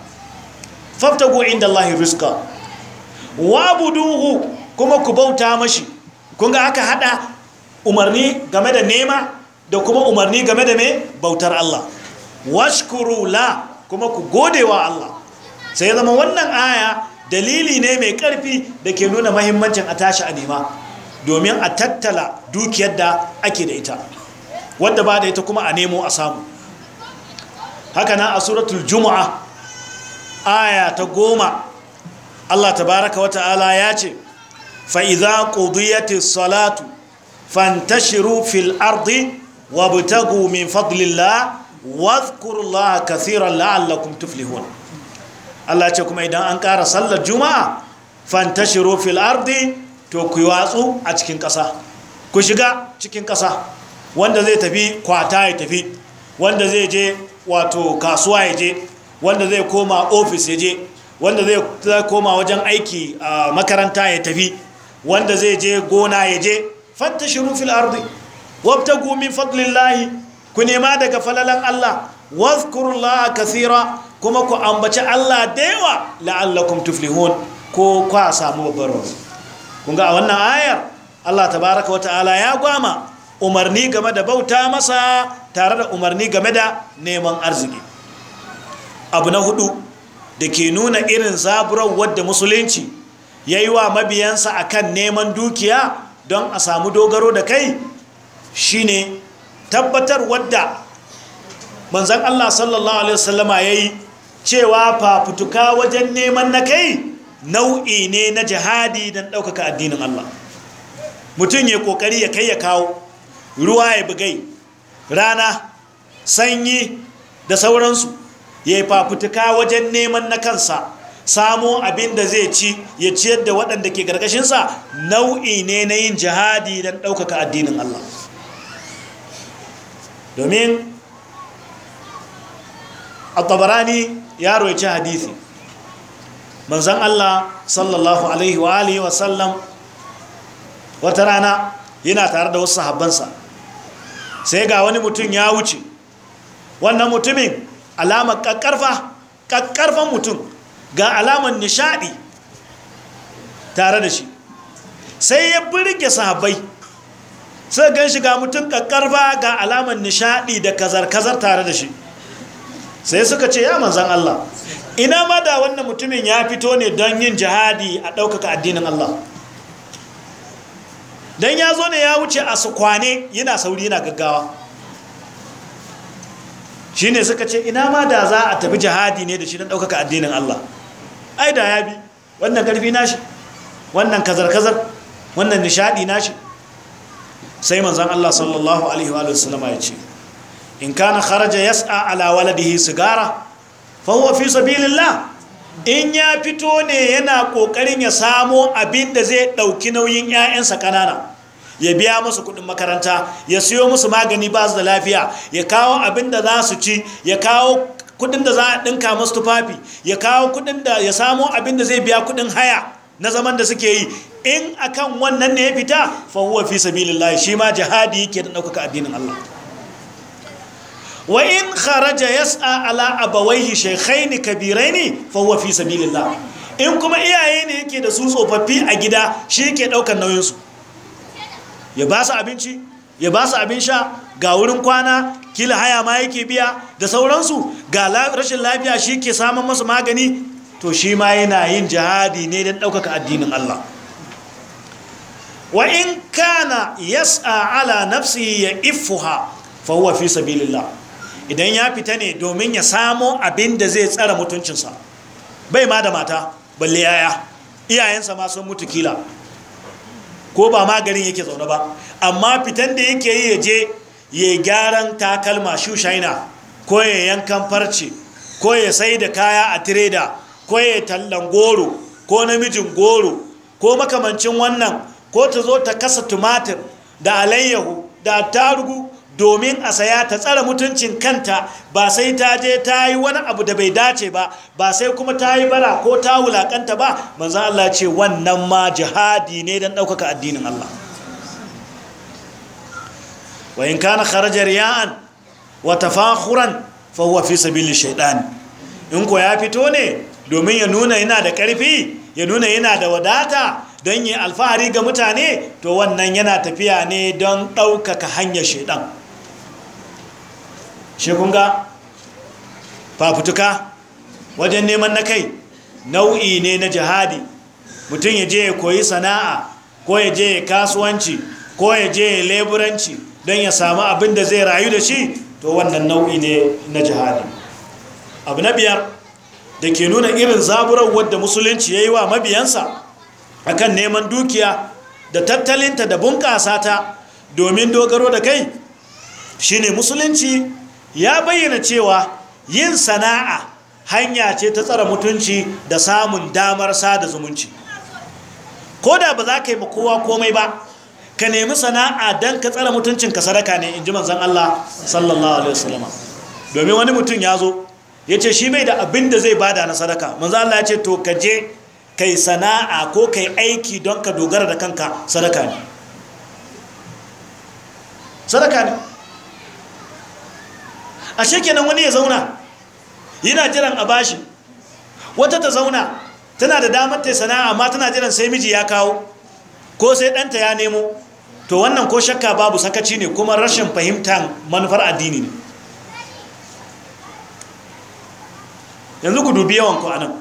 faftagu inda Allah riska wa buduhu kuma ku bauta mashi kun ga aka hada umarni game da nema da kuma umarni game da me bautar Allah washkuru la kuma ku godewa Allah sai ya zama wannan aya dalili ne mai karfi da ke nuna mahimmancin a tashi a nema domin a tattala dukiyar da ake da ita wadda ba da ita kuma a nemo a samu haka na a suratul juma'a aya ta goma Allah Ta baraka wata ala ya ce fa'iza ƙudiyatis salatu fantashiru fil ardi wabtagu min fadlillah wadhkurullaha katsiran la'allakum tuflihun Allah ce kuma idan an ƙara sallar juma'a fantashiru fil ardi to ku watsu a cikin ƙasa ku shiga cikin ƙasa wanda zai tafi kwata ya tafi wanda zai je wato kasuwa ya je wanda zai koma ofis ya je wanda zai koma wajen aiki a makaranta ya tafi wanda zai je gona ya je fantashiru fil ardi wabtagu min fadlillahi ku nema daga falalan Allah wazkurullaha kathira kuma ku ambaci Allah da yawa la'allakum tuflihun ko kwa samu babbar kun ga a wannan ayar Allah wa ta'ala ya gwama umarni game da bauta masa tare da umarni game da neman arziki abu na hudu da ke nuna irin zaburar wadda musulunci ya yi wa mabiyansa akan neman dukiya don a samu dogaro da kai shi ne tabbatar wadda manzan Allah sallallahu alaihi wasallama yayi cewa fafutuka wajen neman na kai nau'i ne na jihadi don ɗaukaka addinin Allah mutum ya ƙoƙari ya kai ya kawo ruwa ya bugai rana sanyi da sauransu ya yi fafutuka wajen neman na kansa samo abin da zai ci ya ciyar da waɗanda ke ƙarƙashinsa nau'i ne na yin jihadi don ɗaukaka addinin Allah domin a tabarani yaro ya ci hadithi manzan Allah sallallahu alaihi wa alihi wa sallam wata rana yana tare da wasu sahabbansa sai ga wani mutum ya wuce wannan mutumin alamar ƙaƙƙarfa ƙaƙƙarfan mutum ga alaman nishadi tare da shi sai ya birge sahabbai sai gan shi ga mutum kakkarfa ga alaman nishadi da kazar-kazar tare da shi sai suka ce ya manzan Allah ina ma da wannan mutumin ya fito ne don yin jihadi a ɗaukaka addinin Allah don ya zo ne ya wuce a su kwane yana sauri yana gaggawa shi ne suka ce ina ma da za a tafi jihadi ne da shi don ɗaukaka addinin Allah ai da ya bi wannan karfi nashi wannan kazar-kazar wannan nishadi nashi sai manzon Allah sallallahu alaihi wa sallama ya ce in kana kharaja yas'a ala waladihi sigara fa huwa fi sabilillah in ya fito ne yana kokarin ya samo abin da zai dauki nauyin 'ya'yansa kanana ya biya musu kudin makaranta ya siyo musu magani ba su da lafiya ya kawo abin da za su ci ya kawo kudin da za a dinka masu tufafi ya kawo kudin da ya samo abin da zai biya kudin haya na zaman da suke yi in akan wannan ne ya fita fa huwa fi sabilillah shi ma jihadi yake da ɗaukaka addinin Allah wa in kharaja yas'a ala abawaihi shaykhaini kabiraini ne huwa fi sabilillah in kuma iyaye ne yake da su tsofaffi a gida shi ke ɗaukar nauyinsu ya ba su abinci ya ba su abin sha ga wurin kwana kila haya ma yake biya da sauransu ga rashin lafiya shi ke samun masu magani to shi ma yana yin jihadi ne don ɗaukaka addinin Allah wa in kana yas'a ala nafsi ya ifuha fa huwa fi sabilillah idan ya fita ne domin ya samo abin da zai tsara mutuncinsa bai ma da mata balle yaya iyayensa ma sun mutu kila ko ba maganin yake zaune ba amma fitan da yake yi ya je ya gyaran takalma shu shaina ko ya yankan farce ko ya sai da kaya a tireda ko ya tallan goro ko namijin goro ko makamancin wannan ko ta zo ta kasa tumatir da alayyahu da tarugu domin a saya ta tsara mutuncin kanta ba sai ta je ta yi wani abu da bai dace ba ba sai kuma ta yi bara ko ta wulakanta ba manzan Allah ce wannan ma jihadi ne don ɗaukaka addinin Allah wa in kana kharaja ya'an wa tafakhuran fa huwa fi sabilil shaytan in ko ya fito ne domin ya nuna yana da karfi ya nuna yana da wadata don yi alfahari ga mutane to wannan yana tafiya ne don ɗaukaka hanyar shaidan shekunga fafutuka wajen neman na kai nau'i ne na jihadi mutum ya je ya koyi sana'a ko ya je ya kasuwanci ko ya je ya leburanci don ya samu abin da zai rayu da shi to wannan nau'i ne na jihadi abu na biyar da ke nuna irin zaburar wadda musulunci ya yi wa mabiyansa akan neman dukiya da tattalinta da bunƙasa ta domin dogaro da kai Shi ne musulunci ya bayyana cewa yin sana'a hanya ce ta tsara mutunci da samun damar sada zumunci ko da ba za ka yi kowa komai ba ka nemi sana'a don ka tsara mutuncinka sadaka ne in ji manzan Allah sallallahu alaihi wasallama domin wani mutum ya zo ya ce shi mai da abin da zai bada na sadaka manzan Allah ya ce to ka je kai sana'a ko kai aiki don ka dogara da kanka sadaka ne sadaka ne a shekenan wani ya zauna yana jiran a bashi wata ta zauna tana da damar ta sana'a amma tana jiran sai miji ya kawo ko sai ɗanta ya nemo to wannan ko shakka babu sakaci ne kuma rashin fahimtar manufar addini ne yanzu ku dubi yawan ku anan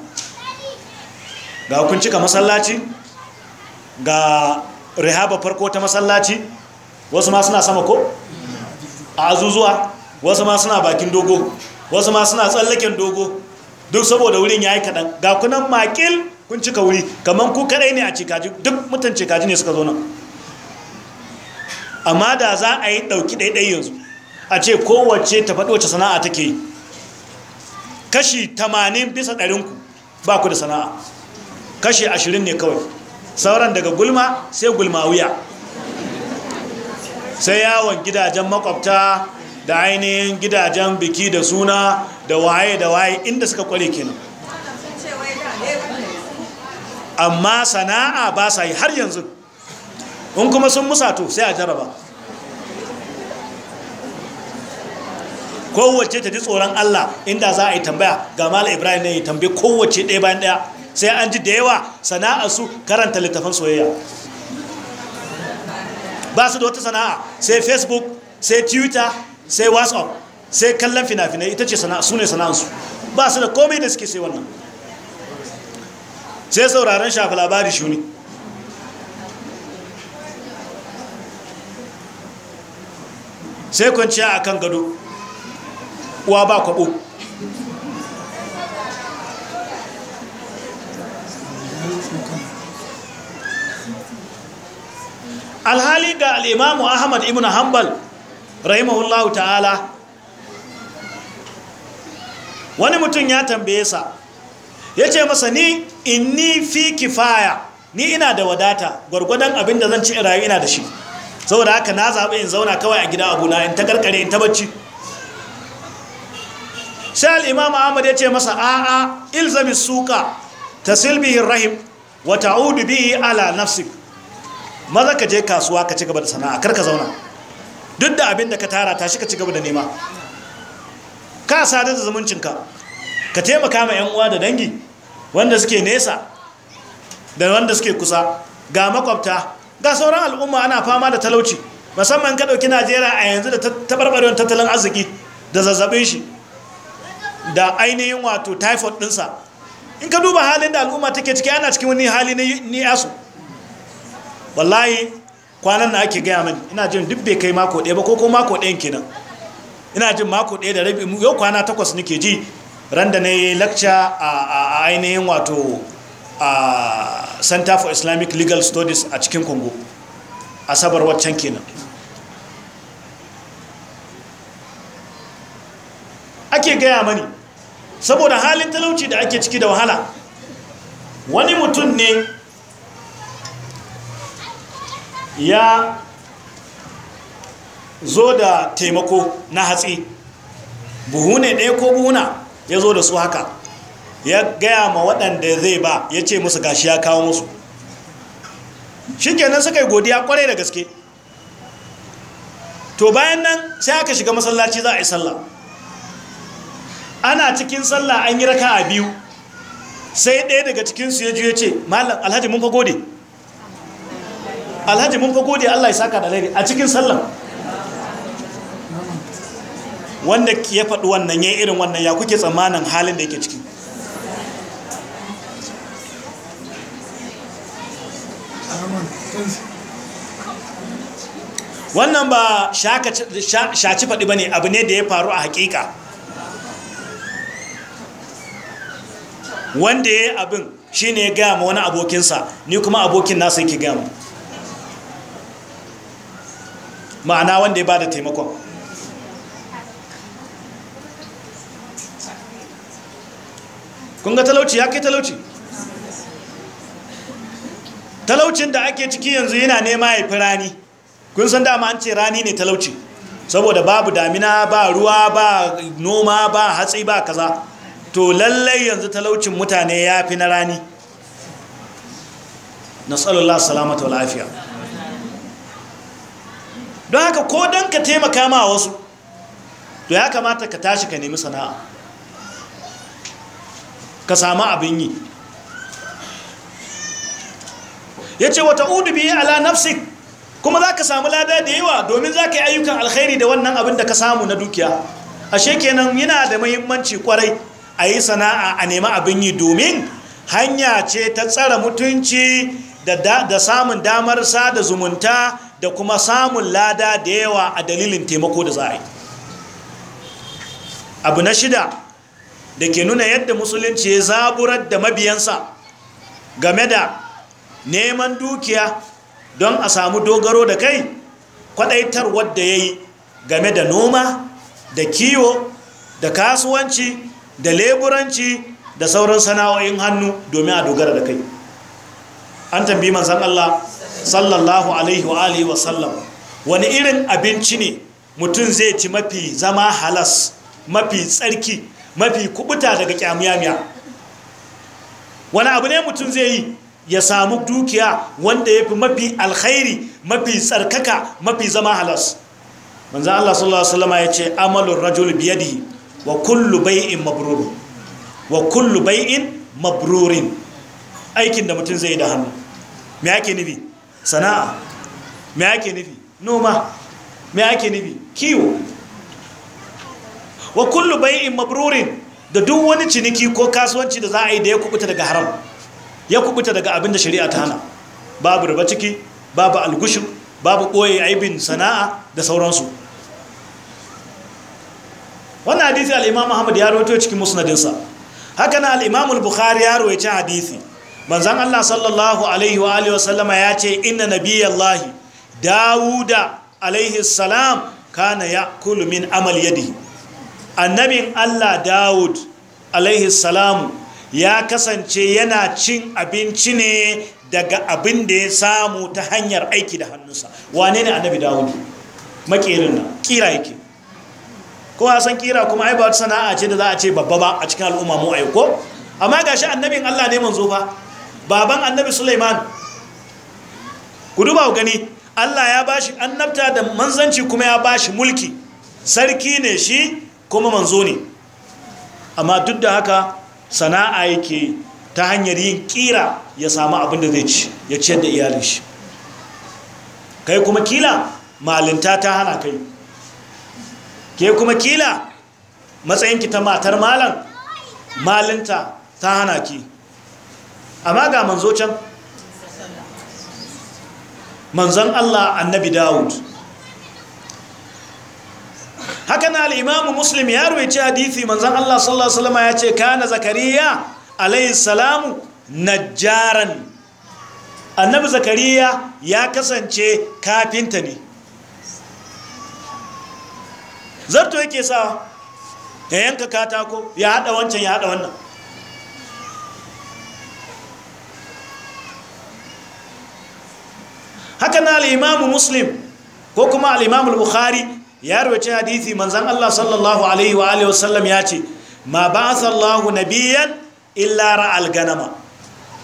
ga kun cika masallaci ga rihaba farko ta masallaci wasu ma suna sama ko a azuzuwa wasu ma suna bakin dogo wasu ma suna tsallaken dogo duk saboda wurin ya yi kaɗan ga kunan makil kun cika wuri kamar ku kaɗai ne a cikaji duk mutan cikaji ne suka zo nan amma da za a yi ɗauki ɗaiɗai yanzu a ce kowace ta faɗi wacce sana'a take yi kashi tamanin bisa ɗarinku ba ku da sana'a kashi ashirin ne kawai sauran daga gulma sai gulma wuya sai yawon gidajen makwabta da ainihin gidajen biki da suna da waye da waye inda suka kware kenan amma sana'a ba sa yi har yanzu in kuma sun musa to sai a jaraba kowace ta ji tsoron Allah inda za a yi tambaya ga mala ibrahim ne yi tambaye kowace ɗaya bayan ɗaya sai an ji da yawa sana'a su karanta littafin soyayya ba su da wata sana'a sai facebook sai twitter sai whatsapp sai kallon fina-finai ita ce sana'a su ne sana'ansu ba su da komai da suke sai wannan sai sauraron shafi labari shuni sai kwanciya a kan gado uwa ba kwaɓo alhali ga al'imamu ahmad ibn hanbal rahimahullahu ta'ala wani mutum ya tambaye sa ya ce masa ni in ni fi kifaya ni ina da wadata gwargwadon abin da zan ci rayu ina da shi saboda haka na zaɓi in zauna kawai a gida abuna in ta karkare in ta bacci sai al'imam ahmad ya ce masa a'a ilzamin suka ta silbihin rahim wa ta'udu bihi ala nafsik maza ka je kasuwa ka ci gaba da sana'a kar ka zauna duk da abin da ka tara tashi ka ci gaba da nema ka sadar da zumuncinka ka taimaka ma 'yan uwa da dangi wanda suke nesa da wanda suke kusa ga makwabta ga sauran al'umma ana fama da talauci musamman ka dauki najeriya a yanzu da tabarbarewar tattalin arziki da zazzabin shi da ainihin wato typhoid dinsa in ka duba halin da al'umma take ciki ana cikin wani hali ni yasu wallahi kwanan na ake gaya mani ina jin duk bai kai mako ɗaya ba ko mako ɗayan kenan ina jin mako ɗaya da rabi mu yau kwana takwas nake ji randa da na yi lakca a ainihin wato a center for islamic legal studies a cikin congo asabar waccan kenan ake gaya mani saboda halin talauci da ake ciki da wahala wani mutum ne ya zo da taimako na hatsi buhu ne ɗaya ko buhuna ya zo da su haka ya gaya ma waɗanda zai ba ya ce musu gashi ya kawo musu shi kenan suka yi godiya kwarai da gaske to bayan nan sai aka shiga masallaci za a yi sallah ana cikin sallah an yi raka a biyu sai ɗaya daga cikinsu ya ji ya ce malam alhaji mun fa gode alhaji mun fa gode allah ya saka da lairi a cikin sallah wanda ya faɗi wannan ya irin wannan ya kuke tsammanin halin da yake ciki wannan ba shaci faɗi ba ne abu ne da ya faru a hakika wanda ya abin shi ne ya gaya ma wani abokinsa ni kuma abokin nasa yake gaya ma ma'ana wanda ya ba da taimakon kun ga talauci ya kai talauci talaucin da ake ciki yanzu yana nema ya fi rani kun san dama an ce rani ne talauci saboda babu damina ba ruwa ba noma ba hatsi ba kaza to lallai yanzu talaucin mutane ya fi na rani nasalullah salamata lafiya don haka ko don ka taimaka ma wasu to ya kamata ka tashi ka nemi sana'a ka samu abin yi yace wata udu bihi ala nafsik kuma za ka samu lada da yawa domin za ka yi ayyukan alkhairi da wannan abin da ka samu na dukiya ashe kenan yana da mahimmanci kwarai a yi sana'a a nemi abin yi domin hanya ce ta tsara mutunci da samun damar sada zumunta da kuma samun lada da yawa a dalilin taimako da za a yi abu na shida da ke nuna yadda musulunci ya zaburar da mabiyansa game da neman dukiya don a samu dogaro da kai kwadaitar wadda ya yi game da noma da kiwo da kasuwanci da leburanci da sauran sana'o'in hannu domin a dogara da kai an tambi manzan Allah sallallahu alaihi wa alihi wa sallam wani irin abinci ne mutum zai ci mafi zama halas mafi tsarki mafi kubuta daga kyamiyamiya wani abu ne mutum zai yi ya samu dukiya wanda ya fi mafi alkhairi mafi tsarkaka mafi zama halas manzan Allah sallallahu Alaihi wasallama ya ce amalin rajul biyadi wa kullu bai'in mabrurin wa kullu bai'in mabrurin aikin da mutum zai da hannu me ake nufi sana'a me ake nufi noma me ake nufi kiwo wa kullu bai'in mabrurin da duk wani ciniki ko kasuwanci da za a yi da ya kubuta daga haram ya kubuta daga abin da shari'a ta hana babu raba ciki babu algushu babu koyi aibin sana'a da sauransu wannan hadisi al'imam Muhammad ya rawaito cikin musnadinsa haka na al'imam al-bukhari ya rawaito hadisi manzan Allah sallallahu alaihi wa alihi ya ce inna nabiyallahi dawuda alaihi salam kana ya min amal yadi annabin Allah dawud alaihi salamu ya kasance yana cin abinci ne daga abin da ya samu ta hanyar aiki da hannunsa wane ne annabi dawudu makerin nan kira yake kowa san kira kuma ai ba wata sana'a ce da za a ce babba ba a cikin al'umma mu ai ko amma gashi annabin Allah ne manzo fa baban annabi Suleiman, ku duba gani Allah ya bashi annabta da manzanci kuma ya bashi mulki sarki ne shi kuma manzo ne amma duk da haka sana'a yake ta hanyar yin kira ya samu abin da zai ci ya ciyar da iyali shi kai kuma kila malinta ta hana kai ke kuma kila matsayinki ta matar malam malinta ta hana ki amma ga manzo can manzon Allah annabi Dawud haka na al'imamu muslim ya rubuce hadithi manzan Allah sallallahu Alaihi wasallama ya ce kana zakariya alayhi salamu najjaran annabi zakariya ya kasance kafinta ne zarto yake sa ya yanka katako ya hada wancan ya hada wannan haka na al'imamu muslim ko kuma al'imamu bukhari ya roci hadisi manzan Allah sallallahu alaihi wa alihi wasallam ya ce ma ba sallahu nabiyan illa ra'al alganama.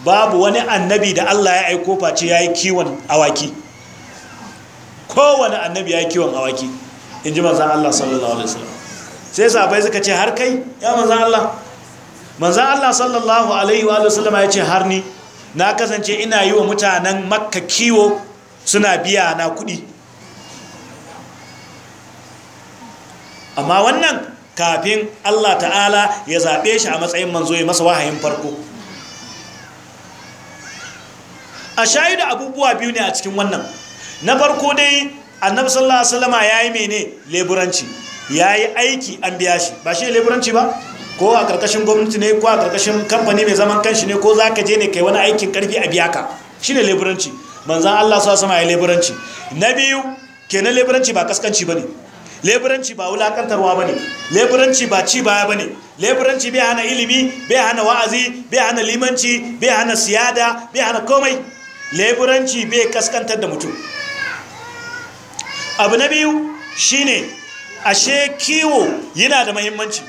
babu wani annabi da Allah ya aiko face yayi kiwon awaki kowane annabi ya kiwon awaki In ji manzan Allah sallallahu alaihi wasallam sai sabai suka ce har kai ya manzan Allah manzan Allah sallallahu alaihi wa alihi wasallam ya ce har ni na kasance ina yi wa mutanen Makka kiwo suna biya na kuɗi amma wannan kafin Allah ta'ala ya zaɓe shi a matsayin manzo ya masa wahayin farko a shaidu abubuwa biyu ne a cikin wannan na farko dai annabi sallallahu alaihi wasallama yayi mene leburanci yayi aiki an biya shi ba shi leburanci ba ko a karkashin gwamnati ne ko a karkashin kamfani mai zaman kanshi ne ko zaka je ne kai wani aikin karfi a biya ka shine leburanci manzon Allah sallallahu alaihi wasallama yayi leburanci na biyu kenan leburanci ba kaskanci ne. leburanci ba wulakantarwa ne leburanci ba ci baya ba ne leburanci bai hana ilimi bai hana wa'azi bai hana limanci bai hana siyada bai hana komai leburanci bai kaskantar da mutum abu na biyu shi ne ashe kiwo yana da mahimmanci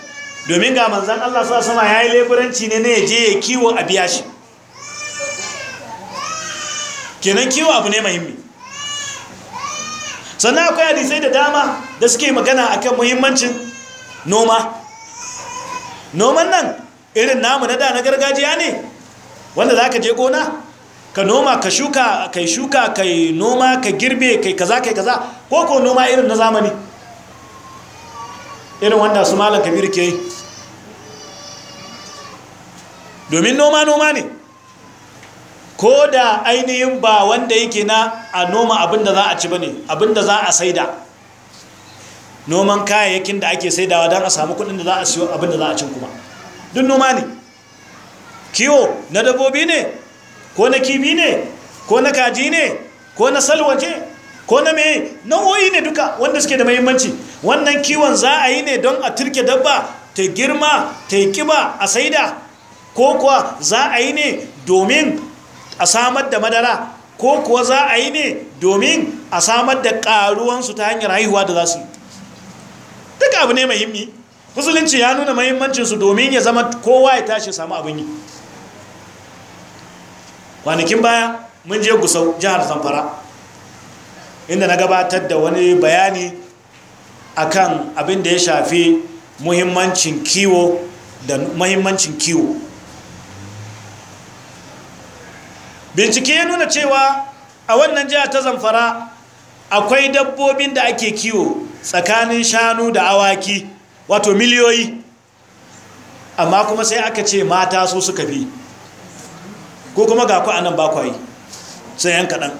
domin ga manzan Allah sa sama ya yi leburanci ne na yaje ya kiwo a biya shi kenan kiwo abu ne muhimmi sannan akwai hadisai da dama da suke magana akan muhimmancin noma noman nan irin namu na da na gargajiya ne wanda za ka je gona ka noma ka shuka kai shuka kai noma ka girbe kai kaza kai kaza ko ko noma irin na zamani irin wanda su malam kabir ke yi domin noma noma ne ko da ainihin ba wanda yake na a noma abin da za a ci ba ne abin da za a saida noman kayayyakin da ake saidawa don a samu kudin da za a siyo abin da za a cin kuma duk noma ne kiwo na dabbobi ne ko na kibi ne ko na kaji ne ko na salwace ko na mai nau'o'i ne duka wanda suke da mahimmanci wannan kiwon za a yi ne don a turke dabba ta girma ta yi kiba a saida ko kuwa za a yi ne domin a samar da madara ko kuwa za a yi ne domin a samar da ƙaruwansu ta hanyar haihuwa da za su yi duk abu ne muhimmi musulunci ya nuna mahimmancinsu domin ya zama kowa ya tashi samu abin yi kwanakin baya mun je gusau jihar zamfara inda na gabatar da wani bayani a kan abin da ya shafi muhimmancin kiwo da muhimmancin kiwo bincike ya nuna cewa a wannan jiha ta zamfara akwai dabbobin da ake kiwo tsakanin shanu da awaki wato miliyoyi amma kuma sai aka ce mata su suka fi ko kuma ga ku anan bakwai sai yan kaɗan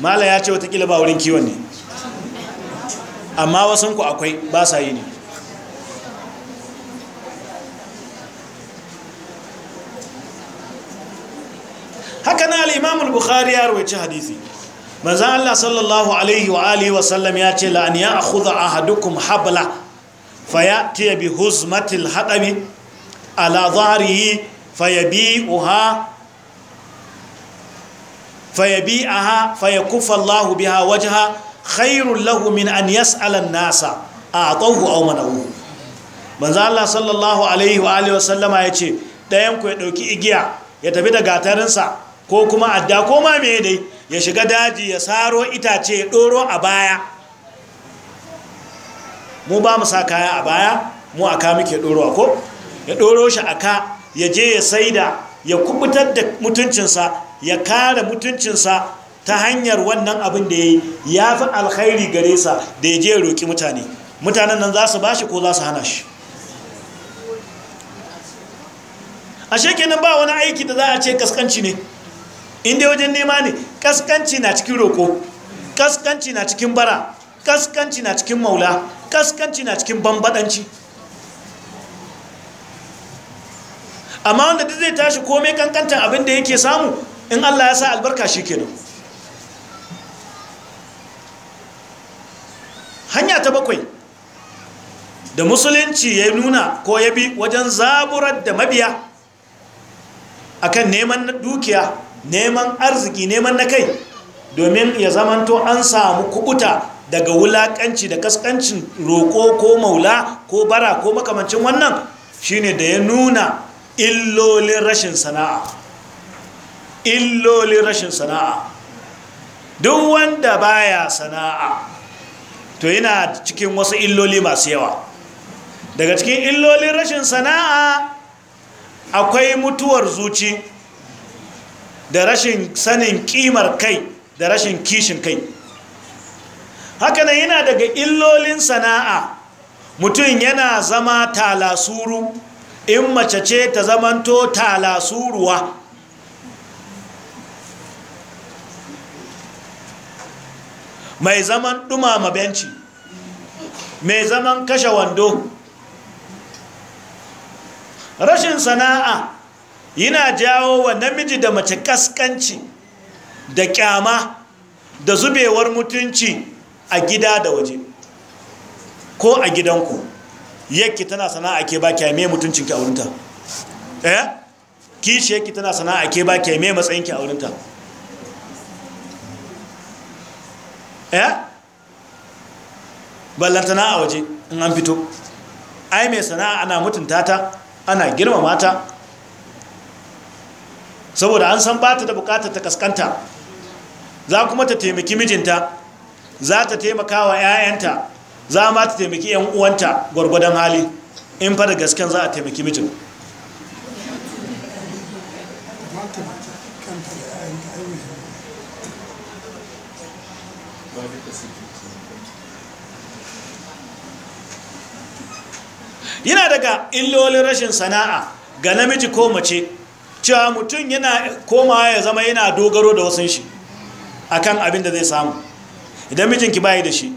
mala ya ce watakila ba wurin kiwon ne amma ku akwai ba sa yi ne haka na al-imam al-bukhari ya rawaita hadisi manzo Allah sallallahu alaihi wa alihi wa sallam ya ce la an ya'khudha ahadukum habla fayati bi huzmatil hadabi ala dharihi fayabi'uha fayabi'aha kufa Allahu biha wajha khairul lahu min an yas'ala an-nasa a'tahu a manahu manzo Allah sallallahu alaihi wa alihi wa sallama yace dayan ku ya dauki igiya ya tafi da gatarinsa ko kuma adda ko ma me dai ya shiga daji ya saro itace ya doro a baya mu ba mu sa kaya a baya mu aka muke doro ko ya doro shi aka ya je ya saida ya kubutar da mutuncinsa ya kare mutuncinsa ta hanyar wannan abin da ya yi ya fi alkhairi gare sa da ya je roki mutane mutanen nan za su ba shi ko za su hana shi ashe kenan ba wani aiki da za a ce kaskanci ne inda wajen nema ne kaskanci na cikin roko kaskanci na cikin bara kaskanci na cikin maula kaskanci na cikin bambadanci amma wanda duk zai tashi komai kankantar abin da yake samu in Allah ya sa albarka shi kenan hanya ta bakwai da musulunci ya nuna ko ya bi wajen zaburar da mabiya akan neman dukiya neman arziki neman na kai domin ya zamanto an samu kubuta daga wulakanci da kaskancin roƙo ko maula ko bara ko makamancin wannan shine da ya nuna illolin rashin sana'a illolin rashin sana'a duk wanda baya sana'a to yana cikin wasu illoli masu yawa daga cikin illolin rashin sana'a akwai mutuwar zuci da rashin sanin kimar kai da rashin kishin kai hakanan yana daga illolin sana'a mutum yana zama talasuru in mace ce ta zamanto talasuruwa mai zaman dumama benci mai zaman kashe wando rashin sana'a yana jawo wa namiji da mace kaskanci da kyama da zubewar mutunci a gida da waje ko a gidanku yake tana sana'a ke ba kyame mutuncinki a wurinta eh kishi yake tana sana'a ke ba kyame matsayinki a wurinta eh ballantana a waje in an fito ai mai sana'a ana mutunta ta ana girmama ta saboda an san ba ta da bukatar ta kaskanta za kuma ta taimaki mijinta za ta taimaka wa 'ya'yanta za ma ta taimaki 'yan uwanta gwargwadon hali in fa gasken za a taimaki mijin yana daga illolin rashin sana'a ga namiji ko mace cewa mutum yana komawa ya zama yana dogaro da wasan shi akan abin da zai samu idan mijinki bayi da shi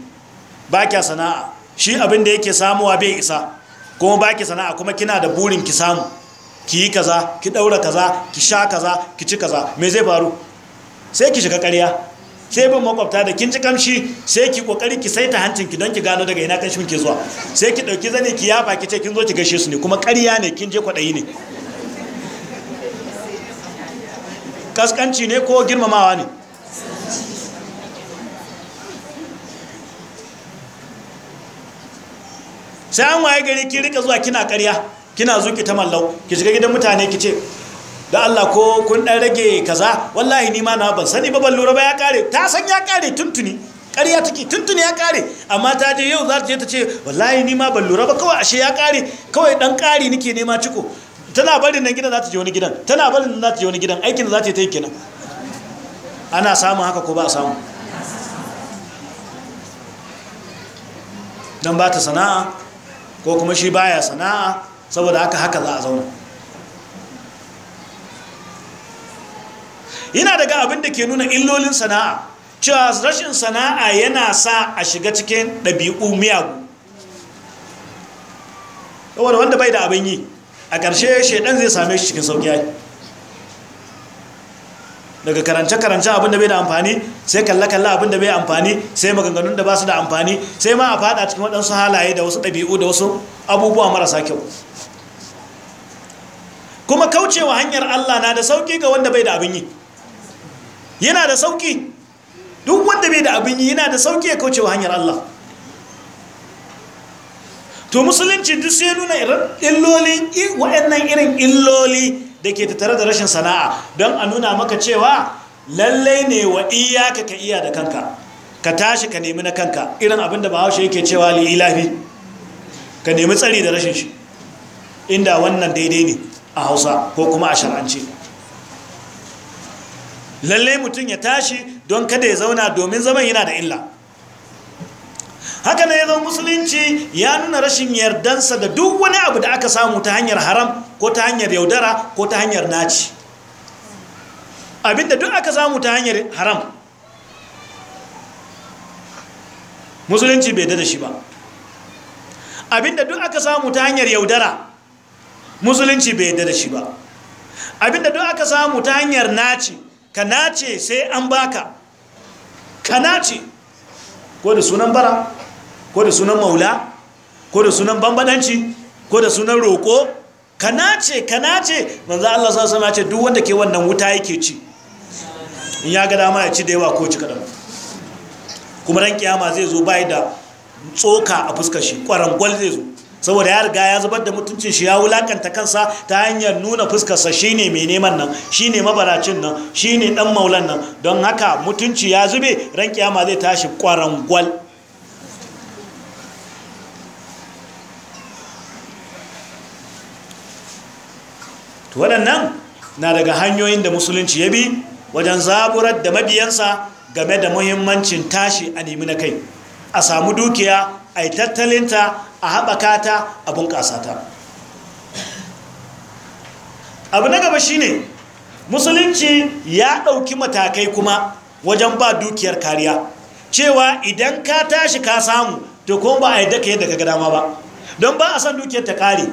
ba kya sana'a shi abin da yake samuwa bai isa kuma ba ki sana'a kuma kina da burin ki samu ki yi kaza ki ɗaura kaza ki sha kaza ki ci kaza me zai faru sai ki shiga ƙarya sai bin makwabta da kin ci kamshi sai ki ƙoƙari ki saita hancin ki don ki gano daga ina kashin ke zuwa sai ki ɗauki zane ki yafa ki ce kin zo ki gaishe su ne kuma ƙarya ne kin je kwaɗayi ne kaskanci ne ko girmamawa ne sai an waye gari ki rika zuwa kina karya kina zuki ta mallau ki shiga gidan mutane ki ce da Allah ko kun dan rage kaza wallahi ni ma na ban sani ba ban lura ba ya kare ta san ya kare tuntuni ƙarya take tuntuni ya kare amma ta je yau za ta je ta ce wallahi ni ma ban lura ba kawai ashe ya kare kawai dan kari nake nema ciko tana barin nan gidan za ta je wani gidan tana barin nan za ta je wani gidan aikin za ta yi kenan ana samun haka ko ba a samu don ba ta sana'a ko kuma shi baya sana'a saboda haka haka za a zauna yana daga abin da ke nuna illolin sana'a cewa rashin sana'a yana sa a shiga cikin ɗabi'u miyagu wanda bai da abin yi a ƙarshe shaidan zai same shi cikin sauƙi daga karance-karance abin da bai da amfani sai kalla-kalla abin da bai amfani sai maganganun da ba su da amfani sai ma a fada cikin waɗansu halaye da wasu ɗabi'u da wasu abubuwa marasa kyau kuma kaucewa hanyar Allah na da sauƙi ga wanda bai da abin yi yana da sauƙi duk wanda bai da abin yi yana da sauƙi ya kaucewa hanyar Allah to musulunci duk sai nuna illolin waɗannan irin illoli da ke tattare da rashin sana'a don a nuna maka cewa lallai ne wa iyaka ka iya da kanka ka tashi ka nemi na kanka irin abin da bahaushe yake cewa li'ilafi ka nemi tsari da rashin shi inda wannan daidai ne a hausa ko kuma a shar'ance lallai mutum ya tashi don kada ya zauna domin zaman yana da illa haka ne zo musulunci ya nuna rashin yardansa da duk wani abu da aka samu ta hanyar haram ko ta hanyar yaudara ko ta hanyar naci abinda duk aka samu ta hanyar haram musulunci bai da shi ba abinda duk aka samu ta hanyar yaudara musulunci bai da shi ba abinda duk aka samu ta hanyar naci ka nace sai an baka ka nace ko da sunan bara ko da sunan maula ko da sunan bambadanci ko da sunan roko kana ce kana ce manzo Allah sallallahu alaihi ce duk wanda ke wannan wuta yake ci in ya ga dama ya ci da yawa ko ci kadan kuma ran kiyama zai zo bai da tsoka a fuskar shi kwarangwal zai zo saboda ya riga ya zubar da mutuncin shi ya wulakanta kansa ta hanyar nuna fuskar sa shine mai neman nan shine mabaracin nan shine dan maulan nan don haka mutunci ya zube ran kiyama zai tashi kwarangwal to waɗannan na daga hanyoyin da musulunci ya bi wajen zaburar da mabiyansa game da muhimmancin tashi a nemi na kai a samu dukiya a yi tattalinta a haɓaka ta a bunƙasa ta abu na gaba shine musulunci ya ɗauki matakai kuma wajen ba dukiyar kariya cewa idan ka tashi ka samu to kuma ba a yi daka yadda ka ga dama ba don ba a san dukiyar ta kare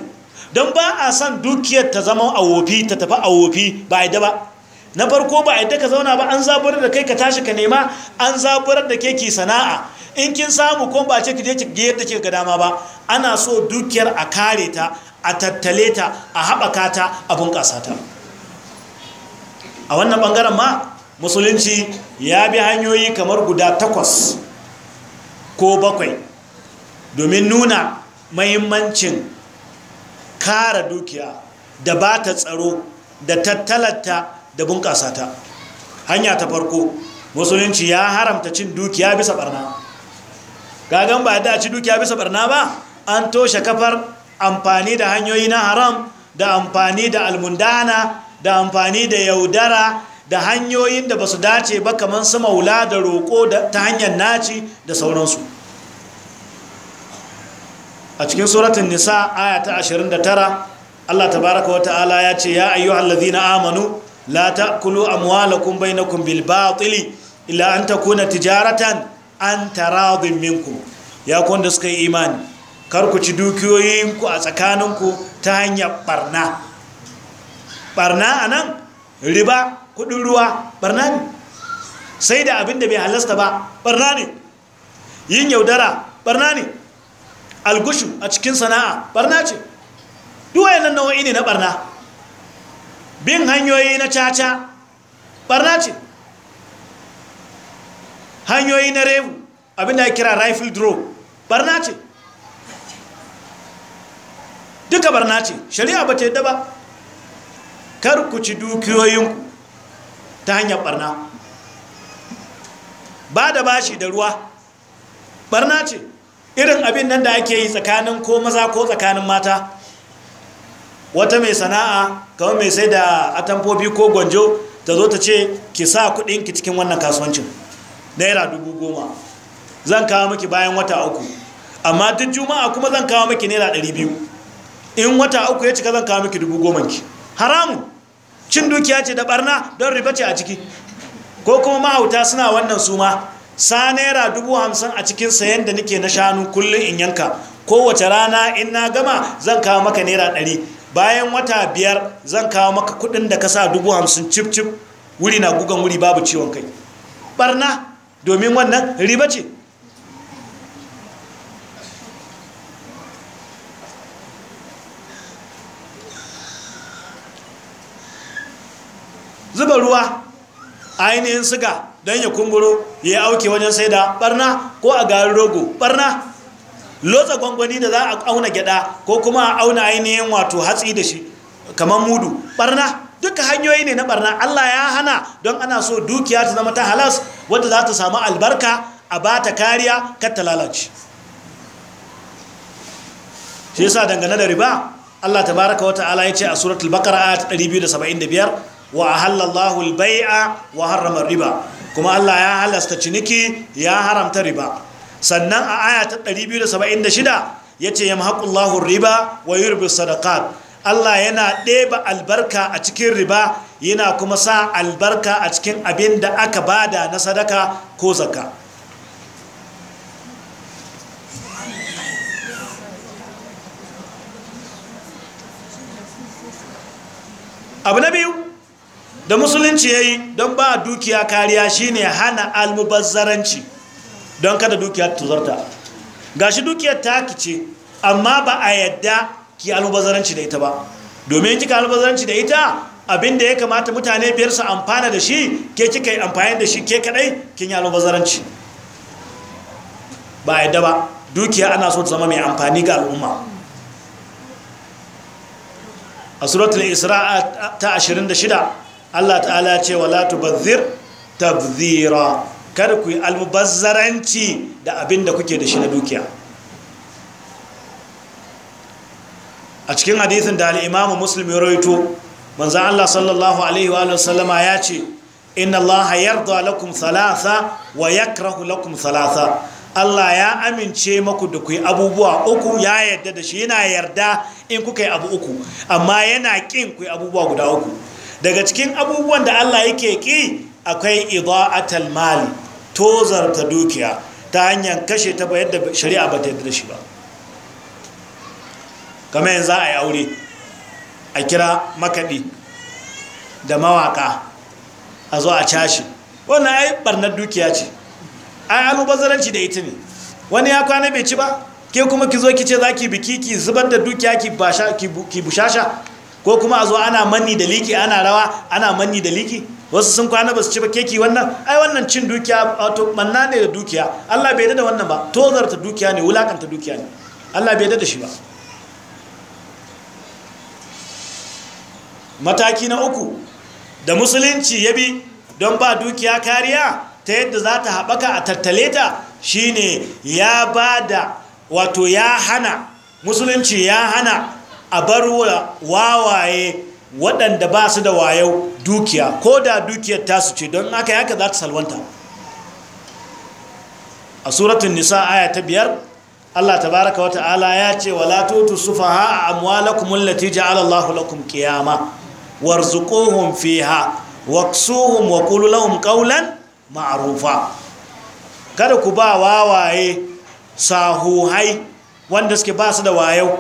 don ba a son dukiyar ta zama a wofi ta tafi a wofi ba a yi ba na farko ba a yi ka zauna ba an zaburar da kai ka tashi ka nema an zaburar da ke ki sana'a in kin samu ko ba ce ki je ki ga yadda ke ga dama ba ana so dukiyar a kare ta a tattale ta a haɓaka ta a bunƙasa ta a wannan ɓangaren ma musulunci ya bi hanyoyi kamar guda takwas ko bakwai domin nuna mahimmancin kara dukiya da ba ta tsaro da tattalata da bunƙasa ta hanya ta farko musulunci ya haramta cin dukiya bisa barna gagan ba da ci dukiya bisa barna ba an toshe kafar amfani da hanyoyi na haram da amfani da almundana da amfani da yaudara da hanyoyin da ba su dace ba kamar su maula da roƙo ta hanyar naci da sauransu a cikin suratun nisa aya ta 29 Allah tabaraka wa ta'ala ya ce ya ayyuhal ladhina amanu la ta'kulu amwalakum bainakum bil batili illa an takuna tijaratan an taradin minkum ya kunda suka yi imani kar ku ci dukiyoyinku a tsakaninku ta hanyar barna barna anan riba kudin ruwa barna ne sai da abin da bai halasta ba barna ne yin yaudara barna ne algushu a cikin sana'a barna ce duwaye nan nawa'i ne na barna bin hanyoyi na caca barna ce hanyoyi na rebu abinda ya kira rifle draw barna ce duka barna ce shari'a ba ce daba kar ku ci dukiyoyinku ta hanyar barna ba da bashi da ruwa barna ce irin abin nan da ake yi tsakanin ko maza ko tsakanin mata wata mai sana'a kamar mai sai da atamfofi ko gwanjo ta zo ta ce ki sa ki cikin wannan kasuwancin naira dubu goma zan kawo miki bayan wata uku amma duk juma'a kuma zan kawo miki naira ɗari biyu in wata uku ya cika zan kawo miki dubu goma ki haramun cin dukiya ce da barna don riba ce a ciki ko kuma ma'auta suna wannan suma sa naira dubu hamsin a cikin sayan da nake na shanu kullum in yanka kowace rana in na gama zan kawo maka naira ɗari bayan wata biyar zan kawo maka kuɗin da ka sa dubu hamsin cip-cip wuri na gugan wuri babu ciwon kai barna domin wannan riba ce zuba ruwa ainihin siga don ya kumburo ya yi auke wajen sai da barna ko a garin rogo barna lotsa gwangwani da za a auna gyada ko kuma a auna ainihin wato hatsi da shi kamar mudu barna duka hanyoyi ne na barna Allah ya hana don ana so dukiya ta zama ta halas wadda za ta samu albarka a ba ta kariya kar ta lalace shi yasa dangane da riba Allah ta baraka wata ala ya ce a suratul bakar ayat 275 wa ahallallahu al-bai'a wa harrama riba kuma Allah ya halasta ciniki ya haramta riba sannan a aya ta 276 yace yamhaqullahu riba wa yurbi sadaqat Allah yana ɗeba albarka a cikin riba yana kuma sa albarka a cikin abin da aka bada na sadaka ko zaka abu na biyu da musulunci ya yi don ba dukiya kariya shine hana almubazzaranci don kada dukiya tuzarta gashi dukiya ta kice amma ba a yadda ki almubazzaranci da ita ba domin kika almubazzaranci da ita abinda ya kamata mutane biyar su amfana da shi ke kika yi amfani da shi ke kadai kin yi almubazzaranci ba a yadda ba dukiya ana so ta zama mai amfani ga al'umma a suratul isra'a ta 26 Allah ta'ala ce wala tubazzir tabzira kada ku yi almubazzaranci da abin da kuke da shi na dukiya a cikin hadithin da al'imamu musulmi roito manzan Allah sallallahu Alaihi wa sallama ya ce inna Allah yarda lakum salasa wa yakrahu lakum salasa." Allah ya amince maku da ku yi abubuwa uku ya yarda da shi yana yarda in kuka yi abu uku amma yana ƙin ku yi abubuwa guda uku daga cikin abubuwan da Allah yake ki akwai ida'atal mali tozarta dukiya ta hanyar kashe ta bayar da shari'a ba ta yadda shi ba kamar yanzu a yi aure a kira makaɗi da mawaƙa a zo a cashe wannan ai barnar dukiya ce ai bazaranci da ita ne wani ya kwana bai ci ba ke kuma ki zo ki ce za ki biki ki zubar da dukiya ki bushasha ko kuma a zo ana manni da liki ana rawa ana manni da liki wasu sun kwana ba su ci ba keki wannan ai wannan cin dukiya wato manna ne da dukiya Allah bai da wannan ba tozarta dukiya ne ta dukiya ne Allah bai da shi ba mataki na uku da musulunci ya bi don ba dukiya kariya ta yadda za ta haɓaka a tattale ta shine ya ba da wato ya hana musulunci ya hana a bar wawaye waɗanda ba su da wayo dukiya ko da dukiyar tasu ce don aka yaka za ta salwanta a suratun nisa aya ta biyar Allah baraka wa ta'ala ya ce wala tutu a amwalakum allati latija alallahu lakum qiyama warzuquhum fiha waksuhum wa qul lahum maarufa. kada ku ba wawaye sahuhai wanda suke ba su da wayo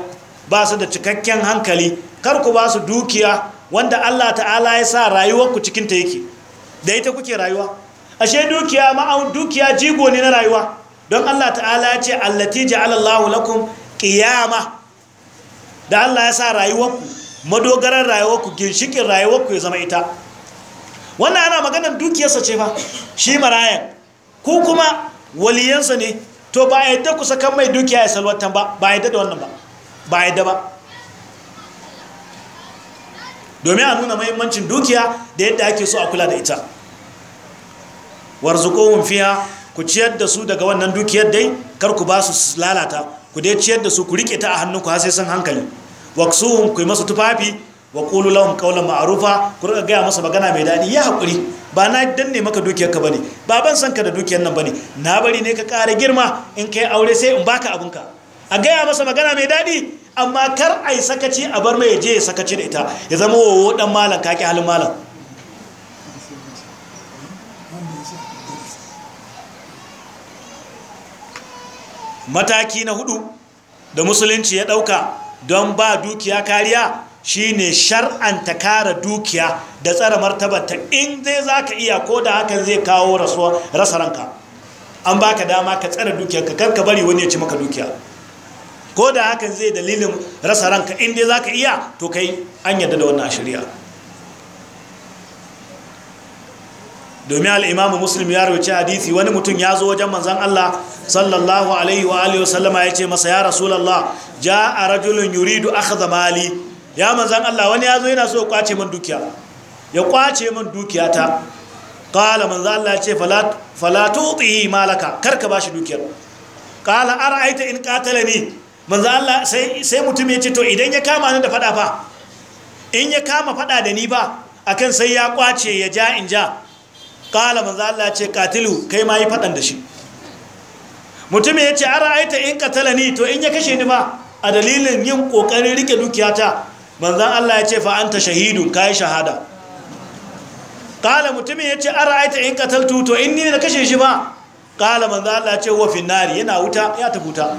ba su da cikakken hankali kar ku ba su dukiya wanda Allah ta'ala ya sa rayuwarku cikinta yake da ita kuke rayuwa ashe dukiya dukiya jigo ne na rayuwa don Allah ta'ala ya ce allati ja'ala Allahu lakum qiyama da Allah ya sa rayuwarku madogaran rayuwarku ginshikin rayuwarku ya zama ita wannan ana maganar dukiyarsa ce fa shi marayan ku kuma waliyansa ne to ba a yadda ku sakan mai dukiya ya salwatan ba ba a yadda da wannan ba ba yadda ba domin a nuna mahimmancin dukiya da yadda ake so a kula da ita warzuko fiya ku ciyar da su daga wannan dukiyar dai kar ku ba su lalata ku dai ciyar da su ku rike ta a hannu ku sai san hankali waksuhum ku yi masa tufafi wa kulu lahum qawlan ma'rufa ku riga gaya masa magana mai daɗi ya hakuri ba na danne maka dukiyar ka bane ba ban san ka da dukiyar nan bane na bari ne ka ƙara girma in kai aure sai in baka abinka a gaya masa magana mai daɗi amma kar a yi sakaci a bar mai je ya sakaci da ita ya zama wowo ɗan malam kaki halin malam mataki na hudu da musulunci ya ɗauka don ba dukiya kariya shine shar'anta kara dukiya da tsara martabata in zai za ka iya ko da hakan zai kawo rasa ranka an baka dama ka tsara dukiya ka karka bari wani ya ci maka dukiya ko da hakan zai dalilin rasa ranka inda dai ka iya to kai an yadda da wannan shari'a domin al'imamu muslim ya rauci hadithi wani mutum ya zo wajen manzan Allah sallallahu alaihi wa alaihi wasallama ya ce masa ya rasulallah ja a rajulun yuridu aka zamali ya manzan Allah wani ya zo yana so ya kwace man dukiya ya kwace man dukiya ta ƙala manzan Allah ya ce falatu tsihi malaka karka ba shi dukiyar kala ara aita in katale ne manzo Allah sai sai mutum ya ce to idan ya kama ni da fada fa in ya kama fada da ni ba akan sai ya kwace ya ja in ja qala manzo Allah ce katilu kai ma yi fadan da shi mutum ya ce ara'aita in qatalani to in ya kashe ni ba a dalilin yin kokarin rike dukiyata manzo Allah ya ce fa anta shahidun kai shahada kala mutumin ya ce ara aita in kataltu to in ni na kashe shi ba kala manzo Allah ce wa finnari yana wuta ya tafuta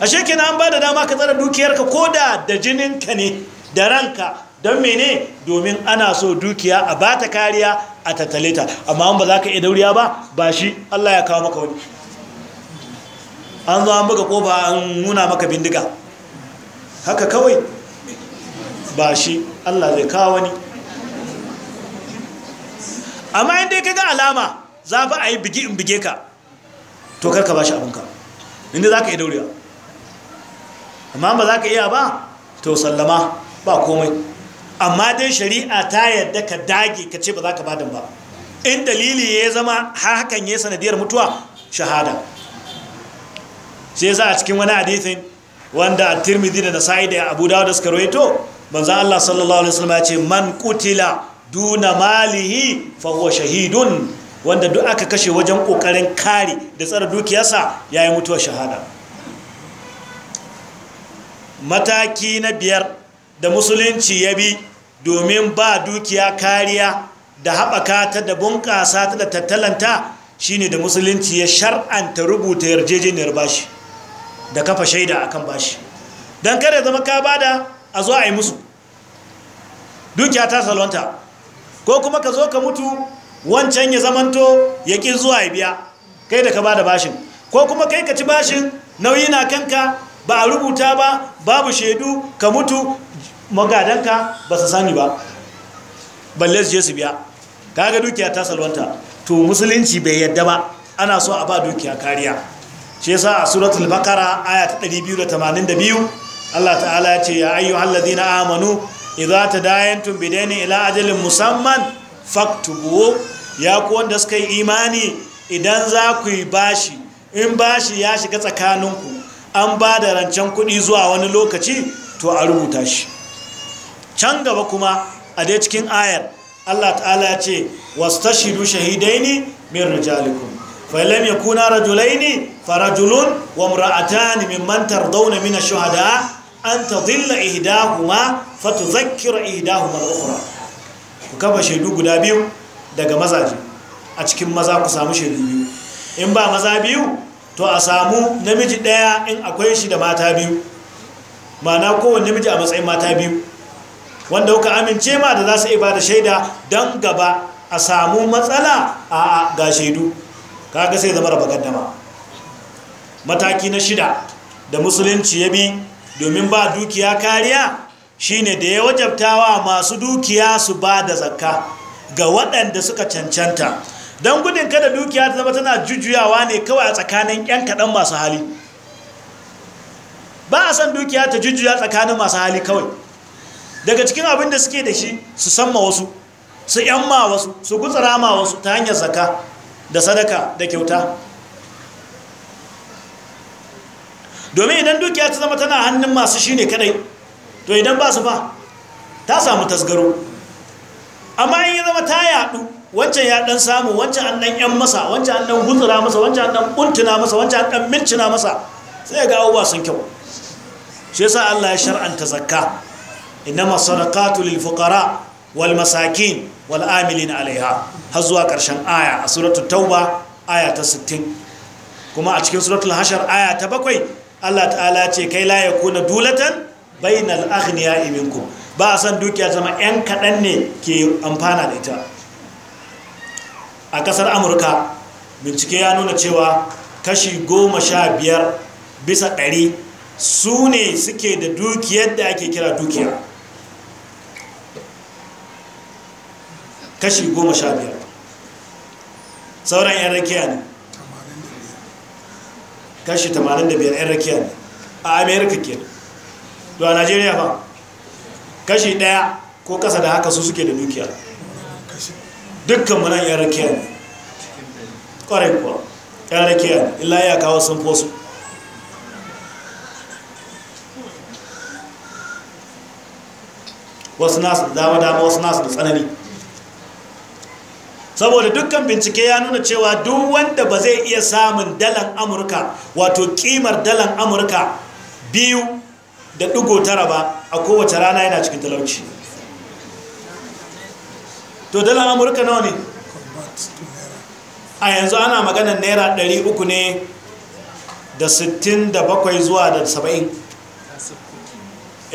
ashe kenan an ba da dama ka tsara dukiyarka ko da da jininka ne da ranka don mene domin ana so dukiya a ba ta kariya a tattale ta amma an ba za ka iya dauriya ba ba shi Allah ya kawo maka wani an zo an buga kofa an nuna maka bindiga haka kawai ba shi Allah zai kawo wani amma inda ka ga alama za fa a yi in bige ka to karka ba shi abinka inda za ka iya dauriya. amma ba za ka iya ba to sallama ba komai amma dai shari'a ta yadda ka dage ka ce ba za ka badin ba in dalili ya zama har hakan ya sanadiyar mutuwa shahada sai za a cikin wani hadithin wanda a tirmidhi da nasa'i da abu dawo da suka rawaito manzon Allah sallallahu alaihi wasallam ya ce man kutila duna malihi fa shahidun wanda duk aka kashe wajen kokarin kare da tsara dukiyarsa yi mutuwar shahada mataki na biyar da musulunci ya bi domin ba dukiya kariya da haɓaka ta da bunƙasa ta da tattalanta shine da musulunci ya shar'anta rubuta yarjejeniyar bashi da kafa shaida akan bashi don kada zama ka bada a zo a yi musu dukiya ta salonta ko kuma ka zo ka mutu wancan ya zamanto ya ƙi zuwa ya biya kai da ka bada bashin ko kuma kai ka ci bashin nauyi na kanka ba a rubuta ba babu shaidu ka mutu magadanka ba su sani ba balle su je su biya kaga dukiya ta salwanta to musulunci bai yadda ba ana so a ba dukiya kariya shi yasa a suratul bakara aya ta 282 Allah ta'ala ya ce ya ayyuhal ladina amanu idza tadayantum ni ila ajalin musamman faktubu ya ku wanda suka yi imani idan za ku yi bashi in bashi ya shiga tsakaninku an ba da rancen kuɗi zuwa wani lokaci to a rubuta shi can gaba kuma a dai cikin ayar Allah ta'ala ya ce wasu ne shahidaini min rijalikum fa kuna rajulai rajulaini farajulun wa ne mimman mantar min mina shuhada an fata ihdahuma ihida kuma da ukura ku kafa shaidu guda biyu daga mazaje a cikin maza ku samu shaidu biyu in ba maza biyu to a samu namiji ɗaya in akwai shi da mata biyu mana kowane namiji a matsayin mata biyu wanda kuka amince ma da za su iya ba da shaida don gaba a samu matsala a ga shaidu kaga sai zama raba gaddama mataki na shida da musulunci ya bi domin ba dukiya kariya shine da ya wajabtawa masu dukiya su ba da zakka ga waɗanda suka cancanta don gudun kada dukiya ta zama tana jujjuyawa ne kawai a tsakanin 'yan kaɗan masu hali ba a san dukiya ta jujjuya tsakanin masu hali kawai daga cikin abin da suke da shi su ma wasu su yamma wasu su gutsara ma wasu ta hanyar zaka da sadaka da kyauta domin idan dukiya ta zama tana hannun masu shi ne kadai to idan ba su ba ta samu tasgaro amma in yi zama ta yaɗu wancan ya dan samu wancan an dan yan masa wancan an dan gutsura masa wancan an dan buntuna masa wancan an dan mincina masa sai ga abubuwa sun kyau shi yasa Allah ya shar'anta zakka innama sadaqatu lil fuqara wal masakin wal amilin alaiha har zuwa karshen aya a suratul tauba aya ta 60 kuma a cikin suratul hashar aya ta 7 Allah ta'ala ce kai la yakuna dulatan bainal aghniya minkum ba a san dukiya zama yan kadan ne ke amfana da ita a kasar amurka bincike ya nuna cewa kashi goma sha biyar bisa ɗari su ne suke da dukiyar da ake kira dukiya kashi goma sha biyar sauran 'yan rakiya ne kashi 85 'yan rakiya ne a amerika ke da a nigeria fa kashi ɗaya ko kasa da haka su suke da dukiyar. dukkan mu yan rakiya ne ƙwarai kuwa yan rakiya ne illa ya kawo sun fosu wasu nasu dama dama wasu nasu da tsanani saboda dukkan bincike ya nuna cewa duk wanda ba zai iya samun dalan amurka wato kimar dalan amurka biyu da ɗigo tara ba a kowace rana yana cikin talauci to dalar amurka nawa ne a yanzu ana maganar naira 300 ne da 67 zuwa da 70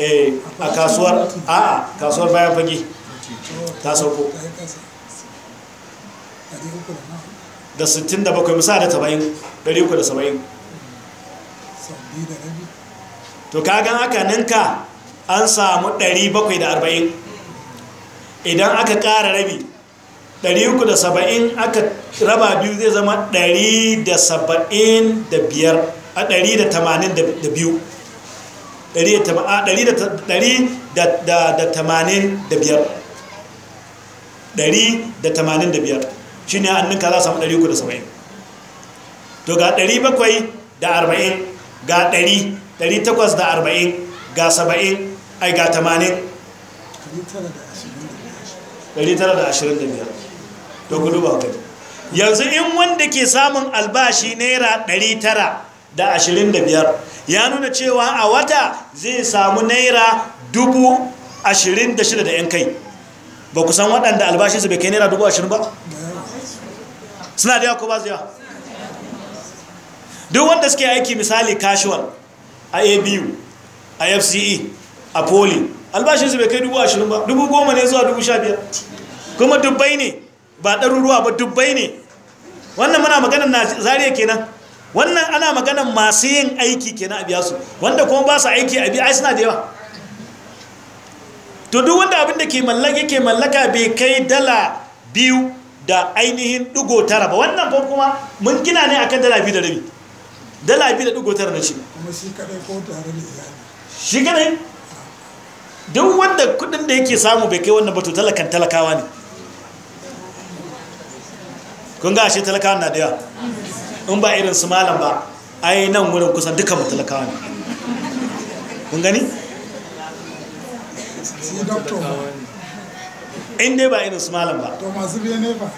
eh, a kasuwar a a kasuwar bayan fage ta sauko da 67 misali da 70 370 to kagan aka ninka an samu 740 idan aka ƙara rabi 370 aka raba biyu zai zama 185 shi ne annuka za a samu 370 to ga 740 ga 100 840 ga 70 ai ga 80 925 to gudu ba kai yanzu in wanda ke samun albashi naira 925 ya nuna cewa a wata zai samu naira 26,000 da 'yan kai ba ku san waɗanda albashinsu bai kai naira 20,000 ba suna da yawa ko ba su yawa duk wanda suke aiki misali casual a abu a fce a e, poli albashinsu bai kai dubu ashirin ba dubu goma ne zuwa dubu sha biyar kuma dubbai ne ba ɗaruruwa ba dubbai ne wannan muna magana na zariya kenan wannan ana magana masu yin aiki kenan a biya su wanda kuma ba su aiki a biya suna da yawa to duk wanda abin da ke mallaka ke mallaka bai kai dala biyu da ainihin ɗigo tara ba wannan ko kuma mun gina ne akan dala biyu da rabi dala biyu da ɗigo tara na ce kuma shi kadai ko tare da iyali shi kadai duk wanda kudin da yake samu bai kai wannan bato talakan talakawa ne kun ga ashe talakawa na daya in ba irin su malam ba ai nan wurin kusan duka mu talakawa ne kun gani in dai ba irin su malam ba to masu biya ne ba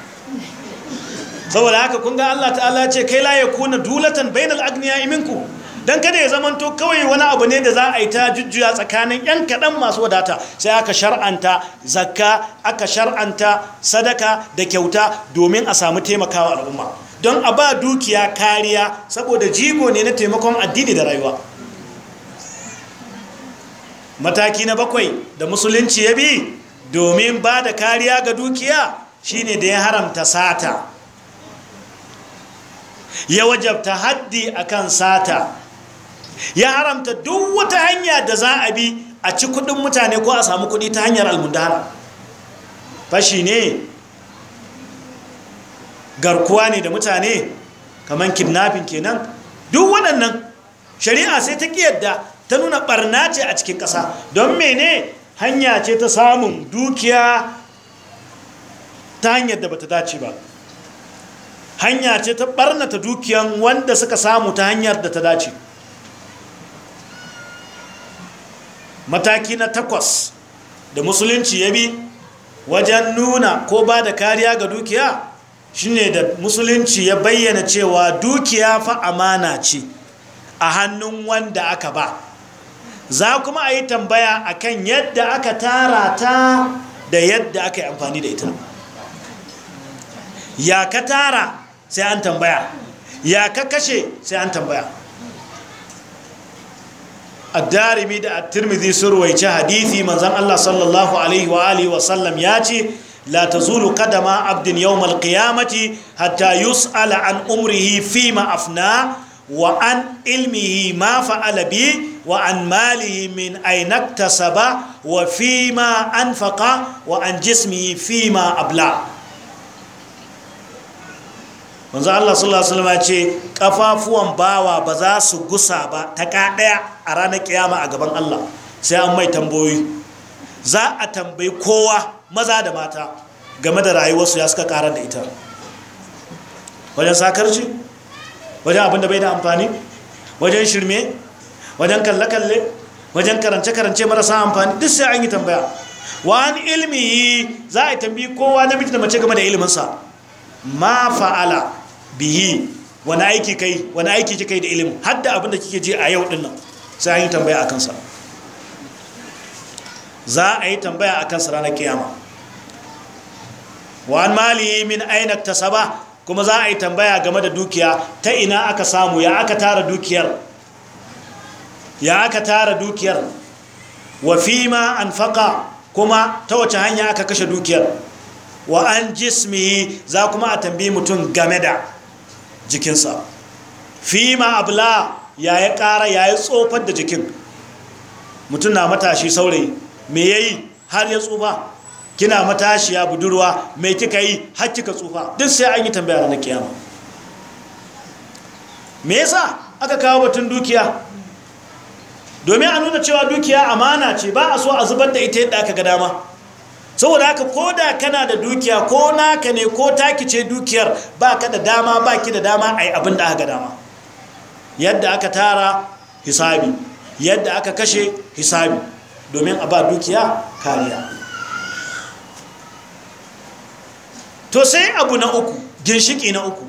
saboda haka kun ga Allah ta'ala ce kai la yakuna dulatan bainal agniya iminku don kada ya zamanto kawai wani abu ne da za a yi ta jujjuya tsakanin yan kaɗan masu wadata sai aka shar'anta zakka aka shar'anta sadaka da kyauta domin a samu taimakawa al'umma don a ba dukiya kariya saboda jigo ne na taimakon addini da rayuwa mataki na bakwai da musulunci ya bi domin ba da kariya ga dukiya shine da ya haramta sata ya wajabta haddi akan sata ya haramta duk wata hanya da za a bi a ci kudin mutane ko a samu kudi ta hanyar almundara fashi ne garkuwa ne da mutane kamar kidnapping kenan duk waɗannan shari'a sai ta ƙiyadda ta nuna barna ce a cikin ƙasa don mene hanya ce ta samun dukiya ta hanyar da bata dace ba hanya ce ta ɓarnata dukiyan wanda suka samu ta hanyar da ta dace mataki na takwas da musulunci ya bi wajen nuna ko ba da kariya ga dukiya shine da musulunci ya bayyana cewa dukiya fa amana ce a hannun wanda aka ba za kuma a yi tambaya akan yadda aka tara ta da yadda aka yi amfani da ita ya ka tara sai an tambaya ya ka kashe sai an tambaya addarimi da at-tirmidhi sun ruwaice hadisi manzon Allah sallallahu alaihi wa alihi sallam ya ce la tazulu kadama abdin yawm al-qiyamati hatta yus'ala an umrihi fima afna wa an ilmihi ma fa'ala bi wa an malihi min aina iktasaba wa ma anfaqa wa an jismihi ma abla manzo Allah sallallahu alaihi wasallam ya ce kafafuwan bawa ba za su gusa ba ta ka a ranar kiyama a gaban Allah sai an mai tambayoyi za a tambayi kowa maza da mata game da rayuwarsu ya suka karar da ita wajen sakarci wajen abin bai da amfani wajen shirme wajen kalle-kalle wajen karance-karance marasa amfani duk sai an yi tambaya wani ilmi za a tambi kowa na da mace game da iliminsa ma fa'ala biyi wani aiki kai wani aiki kai da ilimin hadda abin da kike ji a yau dinnan sai an yi tambaya a kansa za a yi tambaya a kansa ranar kiyama wa an mali min aina tasaba kuma za a yi tambaya game da dukiya ta ina aka samu ya aka tara dukiyar ya aka tara dukiyar wa fima faka kuma ta wace hanya aka kashe dukiyar wa an jismihi za kuma a tambayi mutum game da jikinsa fima abla ya yi ƙara ya yi tsofar da jikin mutum na matashi saurayi me ya yi har ya tsufa kina matashiya budurwa mai kika yi har kika tsufa duk sai an yi tambaya ranar kiyama me yasa aka kawo batun dukiya domin a nuna cewa dukiya amana ce ba a so a zubar da ita yadda aka ga dama saboda haka ko da kana da dukiya ko naka ne ko taki ce dukiyar ba ka da dama ba ki da dama a yi abin da aka ga dama yadda aka tara hisabi yadda aka kashe hisabi domin a ba dukiya kariya to sai abu na uku ginshiki na uku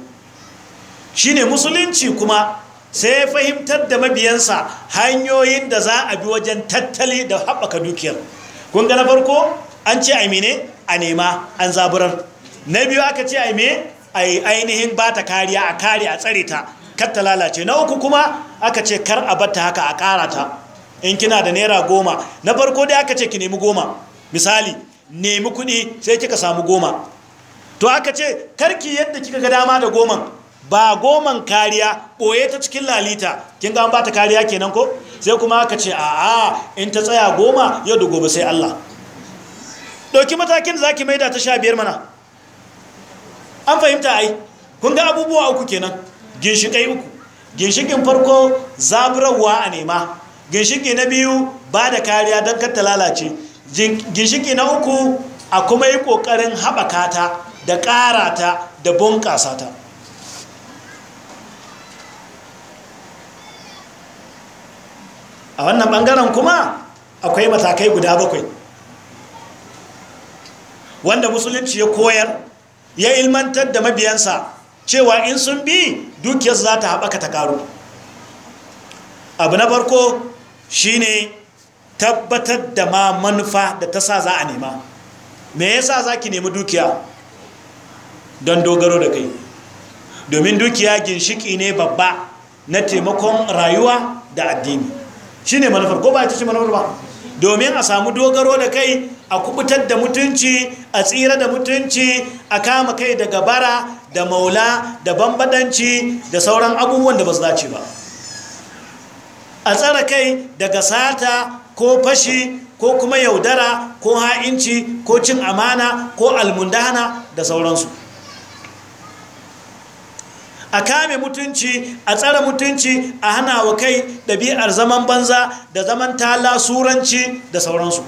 shine musulunci kuma sai fahimtar da mabiyansa hanyoyin da za a bi wajen tattali da haɓaka dukiyar kun na farko an ce a ne a nema an zaburar na biyu aka ce aime a ainihin ba ta kariya a kare a tsare ta kar lalace na uku kuma aka ce kar a batta haka a ƙara ta in kina da naira goma na farko dai aka ce ki nemi goma misali nemi kuɗi sai kika samu goma to aka ce karki yadda kika ga dama da goman ba goman kariya ɓoye ta cikin lalita kin ga ba ta kariya kenan ko sai kuma aka ce a'a in ta tsaya goma yau da gobe sai Allah ɗauki matakin za ki maida ta sha biyar mana an fahimta ai kun ga abubuwa uku kenan ginshiƙai uku ginshiƙin farko zaburarwa a nema ginshiƙi na biyu ba da kariya don kar ta lalace ginshiƙi na uku a kuma yi ƙoƙarin haɓaka ta da ƙara ta da bunƙasa ta a wannan ɓangaren kuma akwai matakai guda bakwai wanda musulunci ya koyar ya ilmantar da mabiyansa cewa in sun bi dukiyar za ta haɓaka ta ƙaru abu na farko shine tabbatar da ma manufa da ta sa za a nema me yasa za ki nemi dukiya don dogaro da kai domin dukiya ginshiki ne babba na taimakon rayuwa da addini shi ne manufar ko ba ya ce manufar ba domin a samu dogaro da kai a kubutar da mutunci a tsira da mutunci a kama kai daga bara da maula da bambadanci da sauran abubuwan da ba su dace ba a tsara kai daga sata ko fashi ko kuma yaudara ko ha'inci ko cin amana ko almundana da sauransu a kame mutunci a tsara mutunci a hana wa kai ɗabi'ar zaman banza da zaman tala suranci da sauransu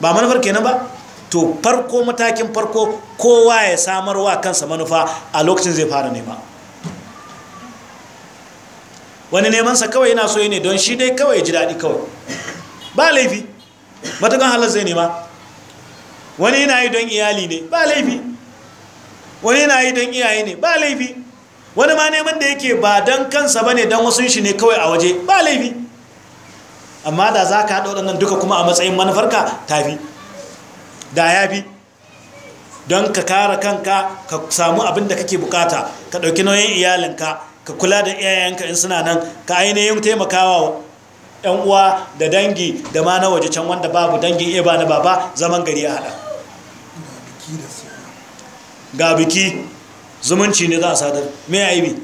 ba manufar kenan ba to farko matakin farko kowa ya samar wa kansa manufa a lokacin zai fara nema wani nemansa kawai yana so ne don shi dai kawai ji daɗi kawai ba laifi matakan halar zai nema wani yana yi don iyali ne ba laifi wani yana yi don iyaye ne ba laifi wani ma neman da yake ba don kansa ba ne don wasu shi ne kawai a waje ba laifi amma da za ka haɗa waɗannan duka kuma a matsayin manufarka tafi da ya fi don ka kara kanka ka samu abin da kake bukata ka ɗauki nauyin iyalinka ka kula da iyayenka in suna nan ka ainihin taimakawa yan uwa da dangi da ma na waje can wanda babu dangin iya eh, ba na baba zaman gari a haɗa ga biki zumunci ne za a sadar mai bi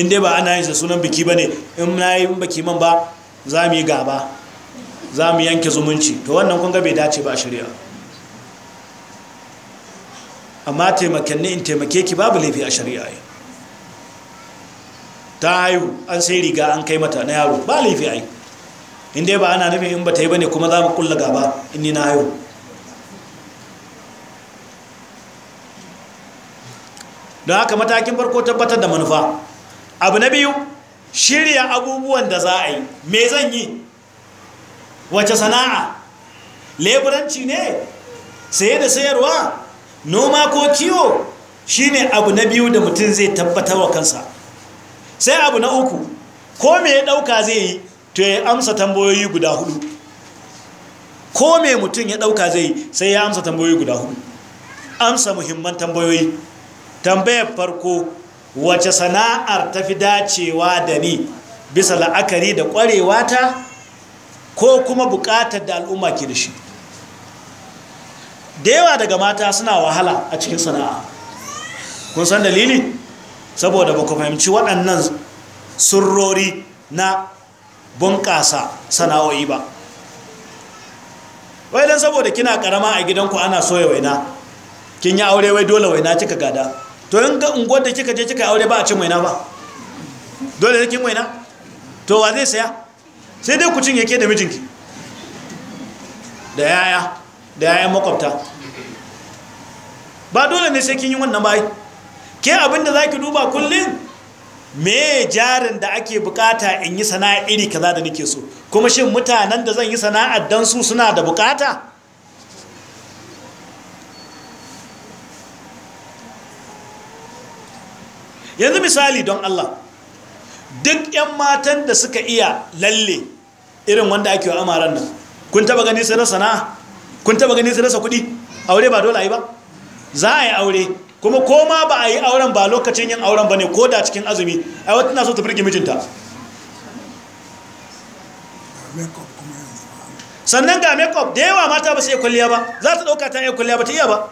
in dai ba ana yin sunan biki ba ne in na yi baki man ba za mu yi gaba za mu yanke zumunci to wannan kun bai dace ba a shari'a amma taimakanni in taimake ki babu laifi a shari'a ta haihu an sai riga an kai mata na yaro ba laifi ai in dai ba ana nufin in ba ta yi ba kuma za mu kulla gaba in ni na haihu don haka matakin farko tabbatar da manufa abu na biyu shirya abubuwan da za a yi me zan yi wace sana'a leburanci ne saye da sayarwa noma ko kiwo shine abu na biyu da mutum zai tabbatar wa kansa sai abu na uku ko me ya dauka zai yi to ya amsa tambayoyi guda hudu ko me mutum ya dauka zai yi sai ya amsa tambayoyi guda hudu amsa muhimman tambayoyi tambayar farko wace sana'ar tafi dacewa da ni bisa la'akari da kwarewa ta ko kuma bukatar da al'umma ke da shi da yawa daga mata suna wahala a cikin sana'a kun san dalili saboda ba ku fahimci waɗannan surrori na bunƙasa sana'o'i ba wai don saboda kina ƙarama a gidanku ana soya waina kin yi aure wai dole waina kika gada to yin ga unguwar da kika je kika aure ba a cin waina ba dole kin waina to wa zai saya sai dai ku cinye ke da mijinki da yaya da yayan makwabta ba dole ne sai kin yi wannan bai ke abinda za ki duba kullum me jarin da ake bukata in yi sana'a iri kaza da nake so kuma shin mutanen da zan yi sana'ar dan su suna da bukata yanzu misali don Allah duk 'yan matan da suka iya lalle irin wanda ake wa amaran nan kun taba gani sai na sana'a kun taba ganin su rasa kuɗi aure ba dole a yi ba za a yi aure kuma koma ba a yi auren ba lokacin yin auren ba ne ko da cikin azumi a wata na so ta firgi mijinta sannan ga makeup da yawa mata ba su iya kwalliya ba za ta ɗauka ta iya kwalliya ba ta iya ba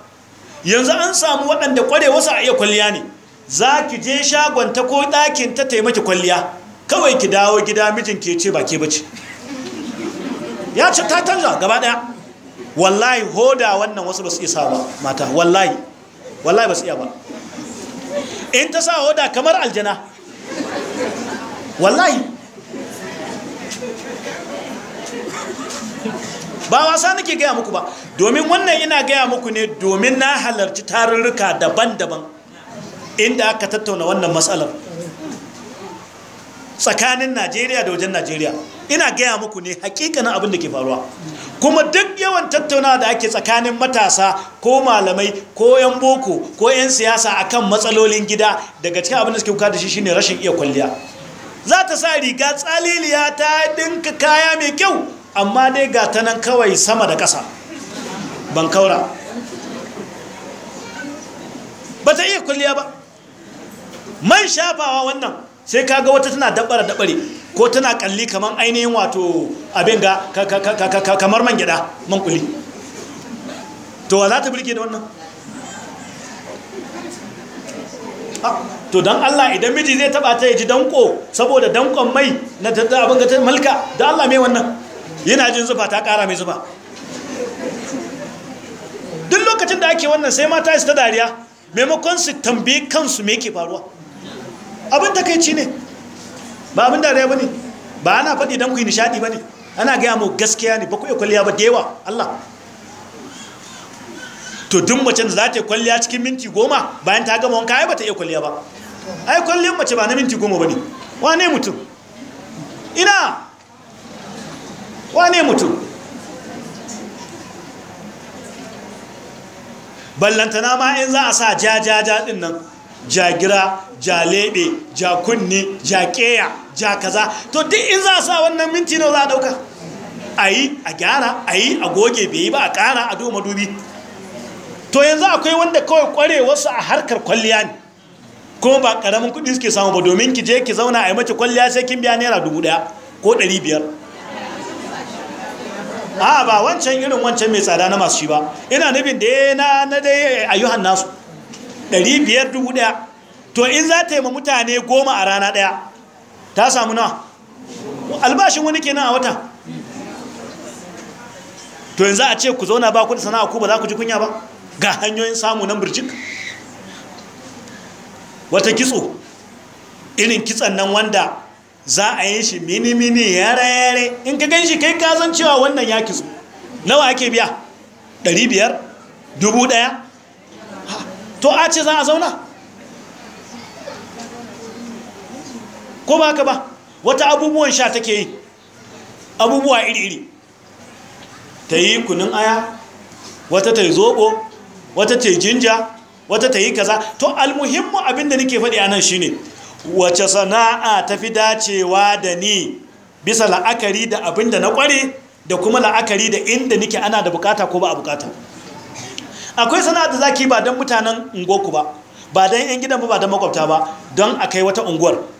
yanzu an samu waɗanda kware wasu a iya kwalliya ne za ki je shagonta ko ɗakin ta taimaki kwalliya kawai ki dawo gida mijin ke ce ba ke bace ya ce ta canza gaba ɗaya wallahi hoda wannan wasu ba su isa ba mata wallahi wallahi ba su iya ba in ta sa hoda kamar aljana wallahi ba wasa nake gaya muku ba domin wannan ina gaya muku ne domin na halarci tarurruka daban-daban inda aka tattauna wannan matsalar tsakanin najeriya da wajen najeriya ina gaya muku ne hakikanin abin da ke faruwa kuma duk yawan tattauna da ake tsakanin matasa ko malamai ko 'yan boko ko 'yan siyasa akan matsalolin gida daga cikin abin da suke kuka da shi shine rashin iya kwalliya za ta sa riga tsaliliya ta dinka kaya mai kyau amma dai ga ta nan kawai sama da ƙasa ban kaura ba ta iya kwalliya ba man shafawa wannan sai kaga wata tana dabbara dabbare ko tana kalli kamar ainihin wato abin ga kamar man gyada man kuli to wa za ta birke da wannan ah, to don Allah idan miji zai taba ta ji danko saboda dankon mai na abin ga ta malka da Allah mai wannan yana jin zufa ta kara mai zufa duk lokacin da ake wannan sai mata su ta dariya maimakon su tambayi kansu me ke faruwa abin takaici ne ba abin da ba ne ba ana faɗi don ku yi nishaɗi ba ne ana gaya mu gaskiya ne ba ku yi kwalliya ba da yawa Allah to duk mace da za ta yi kwalliya cikin minti goma bayan ta gama wanka ai ba ta iya kwalliya ba ai kwalliyar mace ba na minti goma ba ne wane mutum ina wane mutum ballantana ma in za a sa jajaja din nan jagira jalebe jakunni jakeya ja kaza to duk in za a sa wannan minti nawa za a dauka a yi a gyara a yi a goge bai yi ba a kara a duma dubi to yanzu akwai wanda kawai kware wasu a harkar kwalliya ne kuma ba karamin kudi suke samu ba domin ki je ki zauna a yi mace kwalliya sai kin biya naira dubu daya ko ɗari biyar a ba wancan irin wancan mai tsada na masu shi ba ina nufin da ya na dai ayyuhan nasu ɗari biyar dubu daya to in za ta yi ma mutane goma a rana daya ta samu nawa albashin wani kenan a wata to yanzu a ce ku zauna ba ku da sana'a ku ba za ku ji kunya ba ga hanyoyin samu nan birjik wata kitso irin kitson nan wanda za a yi shi mini-mini yare-yare in ka gan shi kai kazan cewa wannan ya kitso nawa ake biya 500 1000 to a ce za a zauna ko ba haka ba wata abubuwan sha take yi abubuwa iri-iri ta yi kunin aya wata ta yi zoɓo wata ta yi jinja wata ta yi kaza to almuhimmu abinda nake faɗi a nan shine wace sana'a ta fi dacewa da ni bisa la'akari da abinda na ƙware da kuma la'akari da inda nake ana da bukata ko ba a bukata akwai sana'a da zaki ba don mutanen ku ba ba don 'yan gidan ba ba don makwabta ba don a kai wata unguwar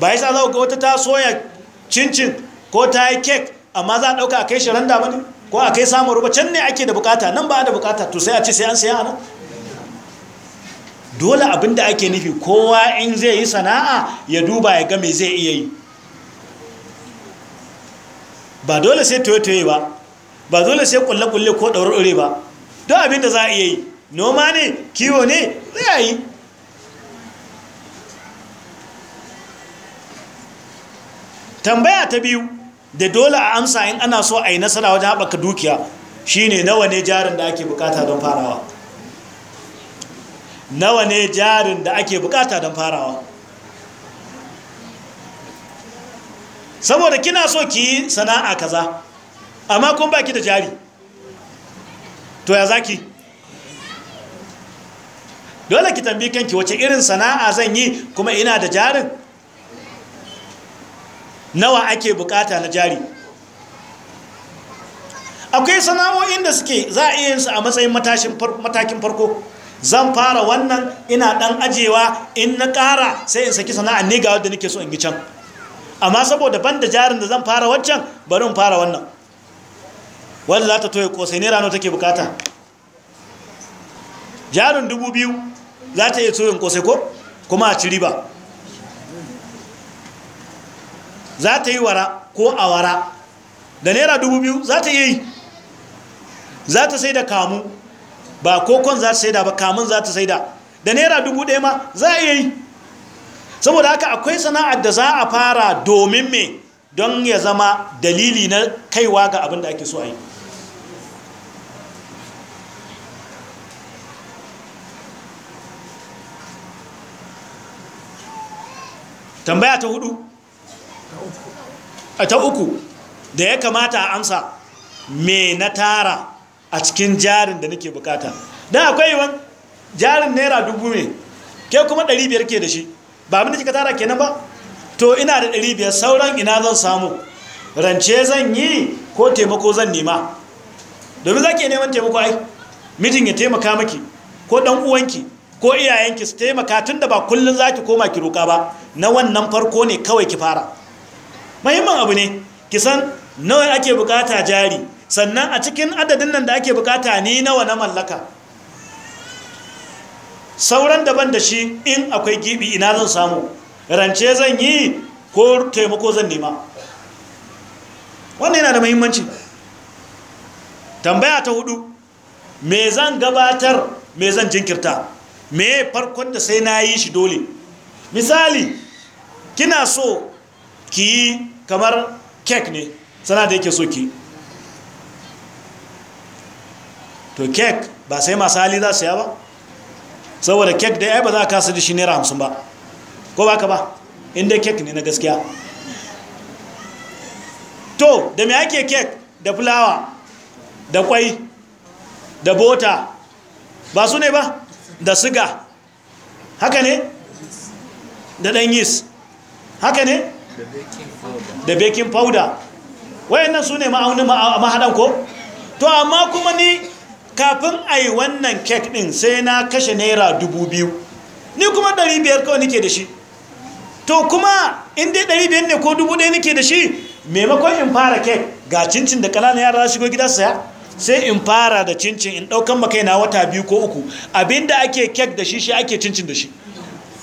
ba yasa za ku wata ta soya cincin ko ta yi kek amma za a ɗauka a kai shi randa ba ne ko a kai samun ruba can ne ake da bukata nan ba da bukata to sai a ce sai an saya dole abin da ake nufi kowa in zai yi sana'a ya duba ya ga me zai iya yi ba dole sai toyotoyi ba ba dole sai kulle-kulle ko ɗaure ba don abin da za a iya yi noma ne kiwo ne zai yi tambaya ta biyu da dole a amsa in ana so a yi nasara wajen haɓaka dukiya shi ne nawa ne jarin da ake bukata don farawa nawa ne jarin da ake bukata don farawa saboda kina so ki yi sana'a kaza amma kun baki da jari to ya zaki dole ki tambi kanki wace irin sana'a zan yi kuma ina da jarin nawa ake bukata na jari akwai sana'o'in da suke za a iya su a matsayin matakin farko zan fara wannan ina dan ajewa in na kara sai in saki sana'a ne ga wadda nake so in yi can amma saboda ban da jarin da zan fara wancan bari in fara wannan wanda za ta toye kosai ne rano take bukata jarin dubu biyu za ta iya toyin kosai ko kuma a ci riba za ta yi wara ko awara da naira dubu biyu za ta yi za ta sai da kamu ba kokon za ta sai da ba kamun za ta sai da da naira dubu ɗaya ma za a yi saboda haka akwai sana'ar da za a fara domin me don ya zama dalili na kaiwa ga abin da ake so a yi tambaya ta hudu a ta uku da ya kamata a amsa me na tara a cikin jarin da nake bukata dan akwai yiwuwan jarin naira dubu ne ke kuma ɗari biyar ke da shi ba mini cika tara kenan ba to ina da ɗari biyar sauran ina zan samu rance zan yi ko taimako zan nema domin za ke neman taimako ai mijin ya taimaka maki ko dan uwanki ko iyayenki su taimaka tun da ba kullum za ki koma ki roƙa ba na wannan farko ne kawai ki fara mahimman abu ne kisan nawa ake bukata jari sannan a cikin adadin nan da ake bukata ni nawa na mallaka sauran daban da shi in akwai gibi ina zan samu rance zan yi ko taimako zan nema wannan yana da muhimmanci tambaya ta hudu me zan gabatar me zan jinkirta me farkon da sai na yi shi dole misali kina so ki yi kamar kek ne sana da yake soke to kek ba sai masu hali za su ya ba saboda kek da ya ba za a kasa da shi naira hamsin ba ko ba ka ba inda kek ne na gaskiya to da mai ake kek da fulawa da kwai da bota ba su ne ba da siga haka ne da ɗan yis haka ne da baking powder wayannan su ne ma'aunin mahadan ko to amma kuma ni kafin a yi wannan kek din sai na kashe naira dubu biyu ni kuma ɗari biyar kawai nike da shi to kuma in dai ɗari biyar ne ko dubu ɗaya nike da shi maimakon in fara kek ga cincin da ƙananan yara shigo gida saya sai in fara da cincin in ɗaukan makaina na wata biyu ko uku abinda ake kek da shi shi ake cincin da shi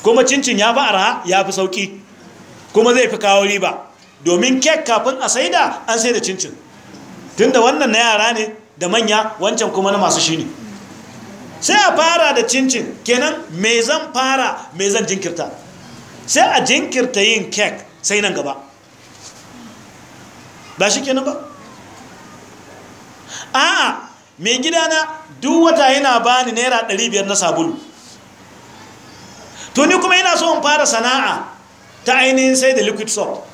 kuma cincin ya fi arha ya fi sauƙi kuma zai fi kawo riba domin kek kafin a saida an saida cincin tunda wannan na yara ne da manya wancan kuma na masu shi ne sai a fara da cincin kenan me zan fara me zan jinkirta sai a jinkirta yin kek sai nan gaba ba shi kenan ba a'a mai gidana duk wata yana bani naira 500 na sabulu to ni kuma yana so in fara sana'a ta ainihin sai da liquid soap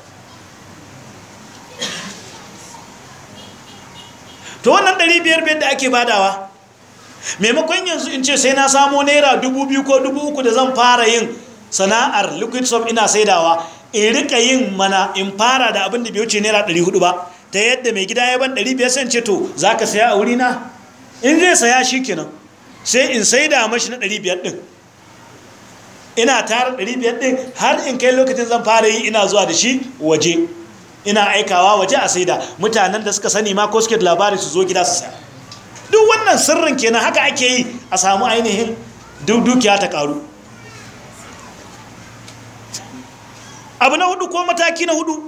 to wannan 500 da ake badawa maimakon yanzu in ce sai na samo naira biyu ko uku da zan fara yin sana'ar liquid soap ina saidawa in rika yin mana in fara da abin da bai wuce naira 400 ba ta yadda mai gida ya ban 500 sai ce to zaka saya a wurina in zai saya shi kenan, sai in saida mashi na ɗari 500 din ina tara ɗari biyar ɗin, har in kai lokacin zan fara yi ina zuwa da shi waje ina aikawa waje a saida mutanen da suka sani ma ko suke da labari su zo gida su saya duk wannan sirrin kenan haka ake yi a samu ainihin dukiya ta karu abu na hudu ko mataki na hudu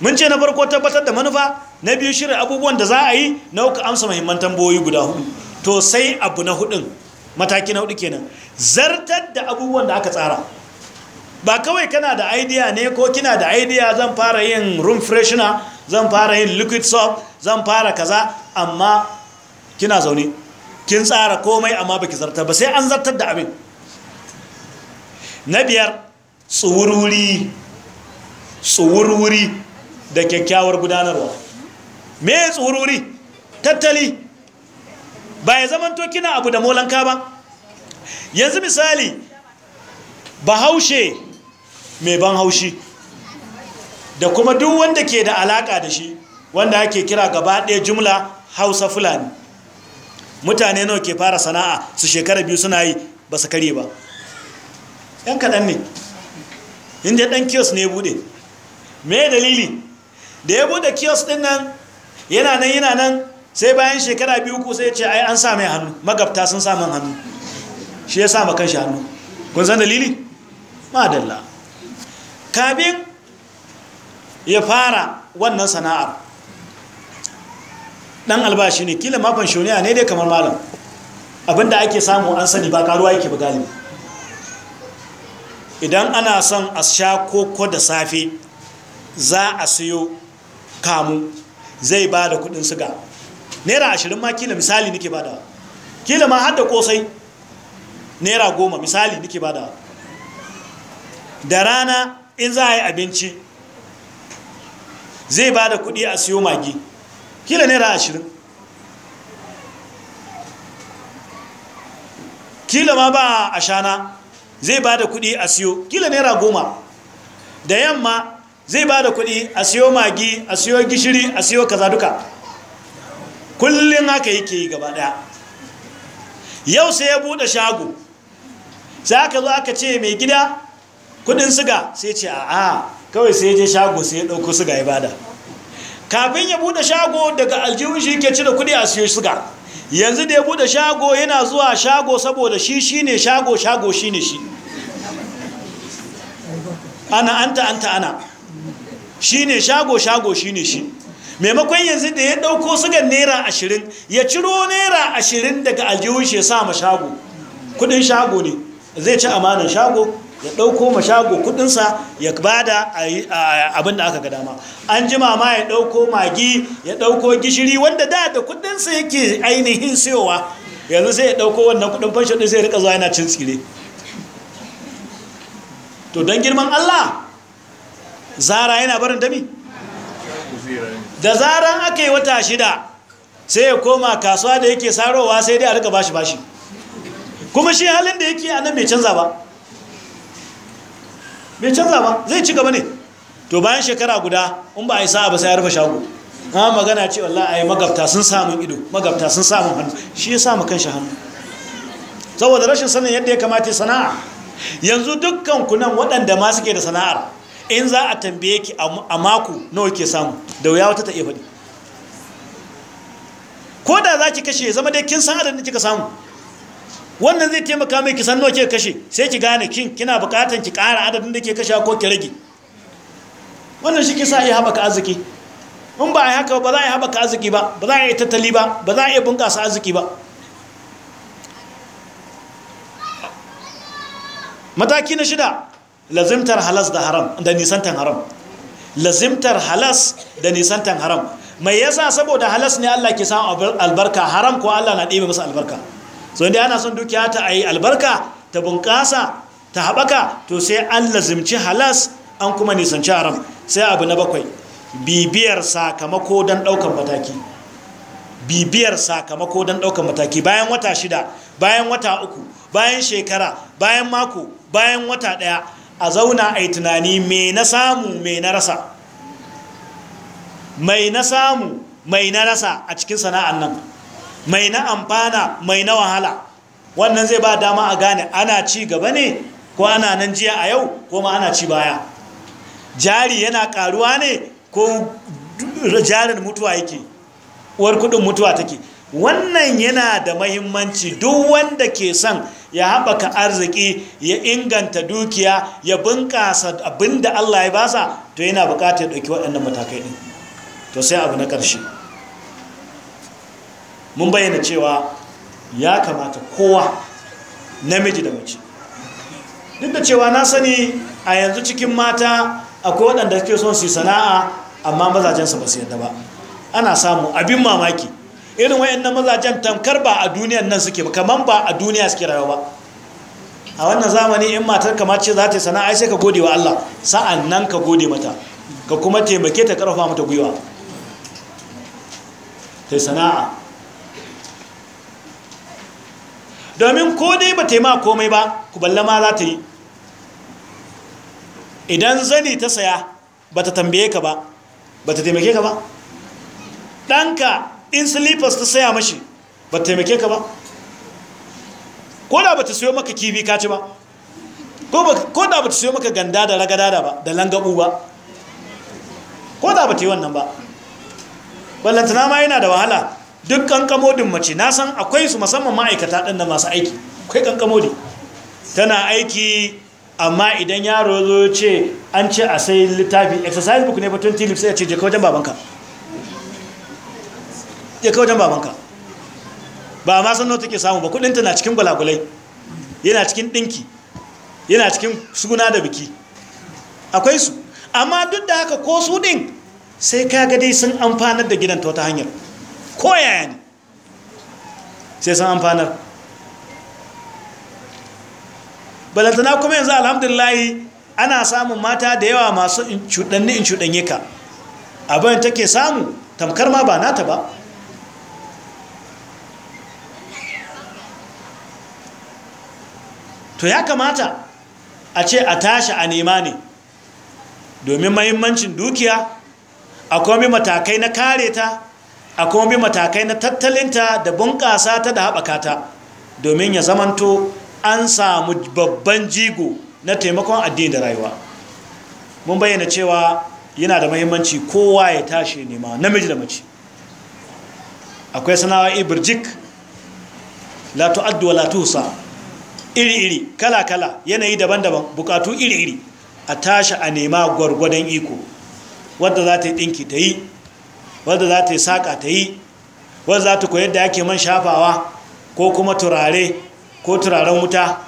mun ce na farko tabbatar da manufa na biyu shirin abubuwan da za a yi na uku amsa muhimman tambayoyi guda hudu to sai abu na hudun mataki na hudu kenan zartar da abubuwan da aka tsara ba kawai kana da idea ne ko kina da idea zan fara yin room freshener zan fara yin liquid soap zan fara kaza amma kina zaune kin tsara komai amma baki zartar ba sai an zartar da abin na biyar tsuwurwuri tsuwurwuri da kyakkyawar gudanarwa me tsururi tattali ba ya zamanto kina abu da molanka ba yanzu misali bahaushe mai ban haushi da kuma duk wanda ke da alaka da shi wanda ake kira gaba ɗaya jumla hausa fulani mutane nawa ke fara sana'a su shekara biyu suna yi ba su kare ba yan kaɗan ne inda ɗan kiyos ne buɗe me dalili da ya buɗe kiyos ɗin nan yana nan yana nan sai bayan shekara biyu ku sai ce ai an sa mai hannu magabta sun sa man hannu shi ya sa kan shi hannu kun san dalili madalla kafin ya fara wannan sana'ar dan albashi ne kila mafan shoniya ne dai kamar malam abinda ake samu an sani ba karuwa yake ba galibi idan ana son a sha koko da safe za a siyo kamu zai ba da kudin siga naira ashirin ma kila misali nake ba da kila ma har da kosai naira goma misali nake ba da da rana in za a yi abinci zai ba da kuɗi a siyo magi kila naira ashirin kila ma ba a shana zai ba da kuɗi a siyo kila naira goma da yamma zai ba da kuɗi a siyo magi a siyo gishiri a siyo kaza duka kullum haka yake yi gaba ɗaya yau sai ya bude shago sai aka zo aka ce mai gida kudin siga sai ce a'a kawai sai je shago sai ya dauko siga ya bada kafin ya bude shago daga aljihun shi yake cire kudi a siyo siga yanzu da ya bude shago yana zuwa shago saboda shi shine shago shago shine shi ana anta anta ana shine shago shago shine shi maimakon yanzu da ya dauko suga naira ashirin ya ciro naira ashirin daga aljihun shi ya sa ma shago kudin shago ne zai ci amanar shago ya ɗauko ma shago kudinsa ya bada abin da aka ga dama an jima ma ya ɗauko magi ya ɗauko gishiri wanda da da kudinsa yake ainihin siyowa yanzu sai ya ɗauko wannan kudin fashe ɗin sai rika zuwa yana cin tsire to don girman Allah zara yana barin dami da zaran aka yi wata shida sai ya koma kasuwa da yake sarowa sai dai a rika bashi bashi kuma shi halin da yake a nan bai canza ba bai canza ba zai ci gaba ne to bayan shekara guda in ba a yi sa'a ba sai ya rufe shago Na magana ce wallahi ai magabta sun samun ido magabta sun samun hannu shi ya samu kanshi hannu saboda rashin sanin yadda ya kamata sana'a yanzu dukkan ku nan waɗanda ma suke da sana'ar in za a tambaye ki a mako nawa ke samu da wuya wata ta iya faɗi ko da za ki kashe zama dai kin san adadin kika samu wannan zai taimaka mai ki san nawa kashe sai ki gane kin kina bukatan ki kara adadin da ke kashe ko ki rage wannan shi ke sa iya haɓaka arziki in ba a yi haka ba za a yi haɓaka arziki ba ba za a yi tattali ba ba za a yi bunƙasa arziki ba mataki na shida lazimtar halas da haram da nisantan haram lazimtar halas da nisantan haram mai yasa saboda halas ne Allah ke samun albarka haram ko Allah na ɗebe masa albarka so inda ana son dukiya ta ayi albarka ta bunƙasa ta haɓaka to sai an lazimci halas an kuma nisanci haram sai abu na bakwai bibiyar sakamako don ɗaukan mataki bibiyar sakamako don ɗaukan mataki bayan wata shida bayan wata uku bayan shekara bayan mako bayan wata ɗaya a zauna a yi tunani mai na samu mai na rasa mai na samu mai na rasa a cikin sana'an nan mai na amfana mai na wahala wannan zai ba dama a gane ana ci gaba ne ko ana nan jiya a yau ko ma ana ci baya jari yana karuwa ne ko jarin mutuwa yake uwar kudin mutuwa take wannan yana da mahimmanci duk wanda ke son ya haɓaka arziki ya inganta dukiya ya bunƙasa abinda Allah ya basa to yana buƙatar ɗauki waɗannan matakai ɗin to sai abu na ƙarshe mun bayyana cewa ya kamata kowa namiji da mace duk da cewa na sani a yanzu cikin mata akwai waɗanda suke son su sana'a amma mazajensa ba su yadda ba ana samu abin mamaki irin wayannan mazajen tamkar ba a duniyan nan suke kaman ba a duniya suke rayuwa ba a wannan zamani in matar kamar ce za ta yi sana'a sai ka gode wa Allah sa'an nan ka gode mata ka kuma taimake ta karfa mata gwiwa ta sana'a domin ko dai ba taimaka komai ba ku balla ma za ta yi idan zani ta saya ba ta tambaye ka ba ba ta taimake ka ba ɗanka in slippers ta saya mashi ba ta taimake ka ba ko da ba ta siyo maka kibi ka ci ba ko da ba ta siyo maka ganda da da ba da langabu ba ko da ba ta yi wannan ba ballantana ma yana da wahala duk kankamodin mace na san akwai su musamman ma'aikata ɗin da masu aiki akwai kankamodi tana aiki amma idan yaro zo ce an ce a sai littafi exercise book ne ba 20 lips ya ce je kawajen babanka je kawajen babanka ba ma san nawa take samu ba kudinta na cikin gwalagwalai yana cikin dinki yana cikin suna da biki akwai su amma duk da haka ko su din sai ka ga dai sun amfanar da gidan ta wata hanyar koyaya ne sai san amfanar balantana kuma yanzu alhamdulillahi ana samun mata da yawa masu cuɗanni in cuɗanye ka abin take samu tamkar ma ba nata ba to ya kamata a ce a tashi a nema ne domin mahimmancin dukiya akwai matakai na kare ta a kuma bi matakai na tattalinta da bunƙasa ta da haɓaka domin ya zamanto an samu babban jigo na taimakon addini da rayuwa mun bayyana cewa yana da mahimmanci kowa ya tashi nema namiji da mace akwai sanawa birjik la addu'a wa la iri-iri kala-kala yanayi daban-daban bukatu iri-iri a tashi a nema gwargwadon iko wadda za ta yi ɗinki ta yi wadda za ta yi saƙa ta yi wadda za ta koyar da ake man shafawa ko kuma turare ko turaren wuta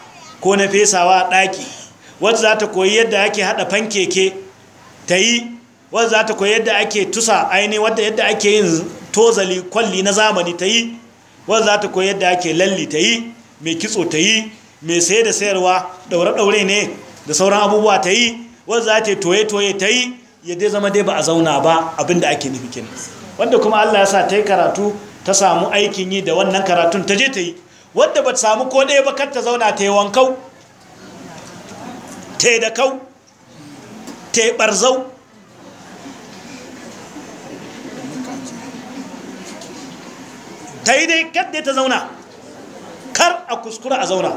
ko na fesawa a ɗaki wadda za ta koyi yadda ake haɗa fankeke ta yi wadda za ta koyi yadda ake tusa aini wadda yadda ake yin tozali kwalli na zamani ta yi wadda za ta koyi yadda ake lalli ta yi mai kitso ta yi mai sayar da sayarwa daure-daure ne da sauran abubuwa ta yi wadda za ta toye-toye ta yi ya dai zama dai ba a zauna ba abinda ake nufi kin wanda kuma Allah ya sa ta yi karatu ta samu aikin yi da wannan karatun ta je ta yi wadda ba ta samu ko ɗaya ba kar ta zauna ta yi wankau ta yi da kau ta yi ɓarzau ta yi dai kar ta zauna kar a kuskura a zauna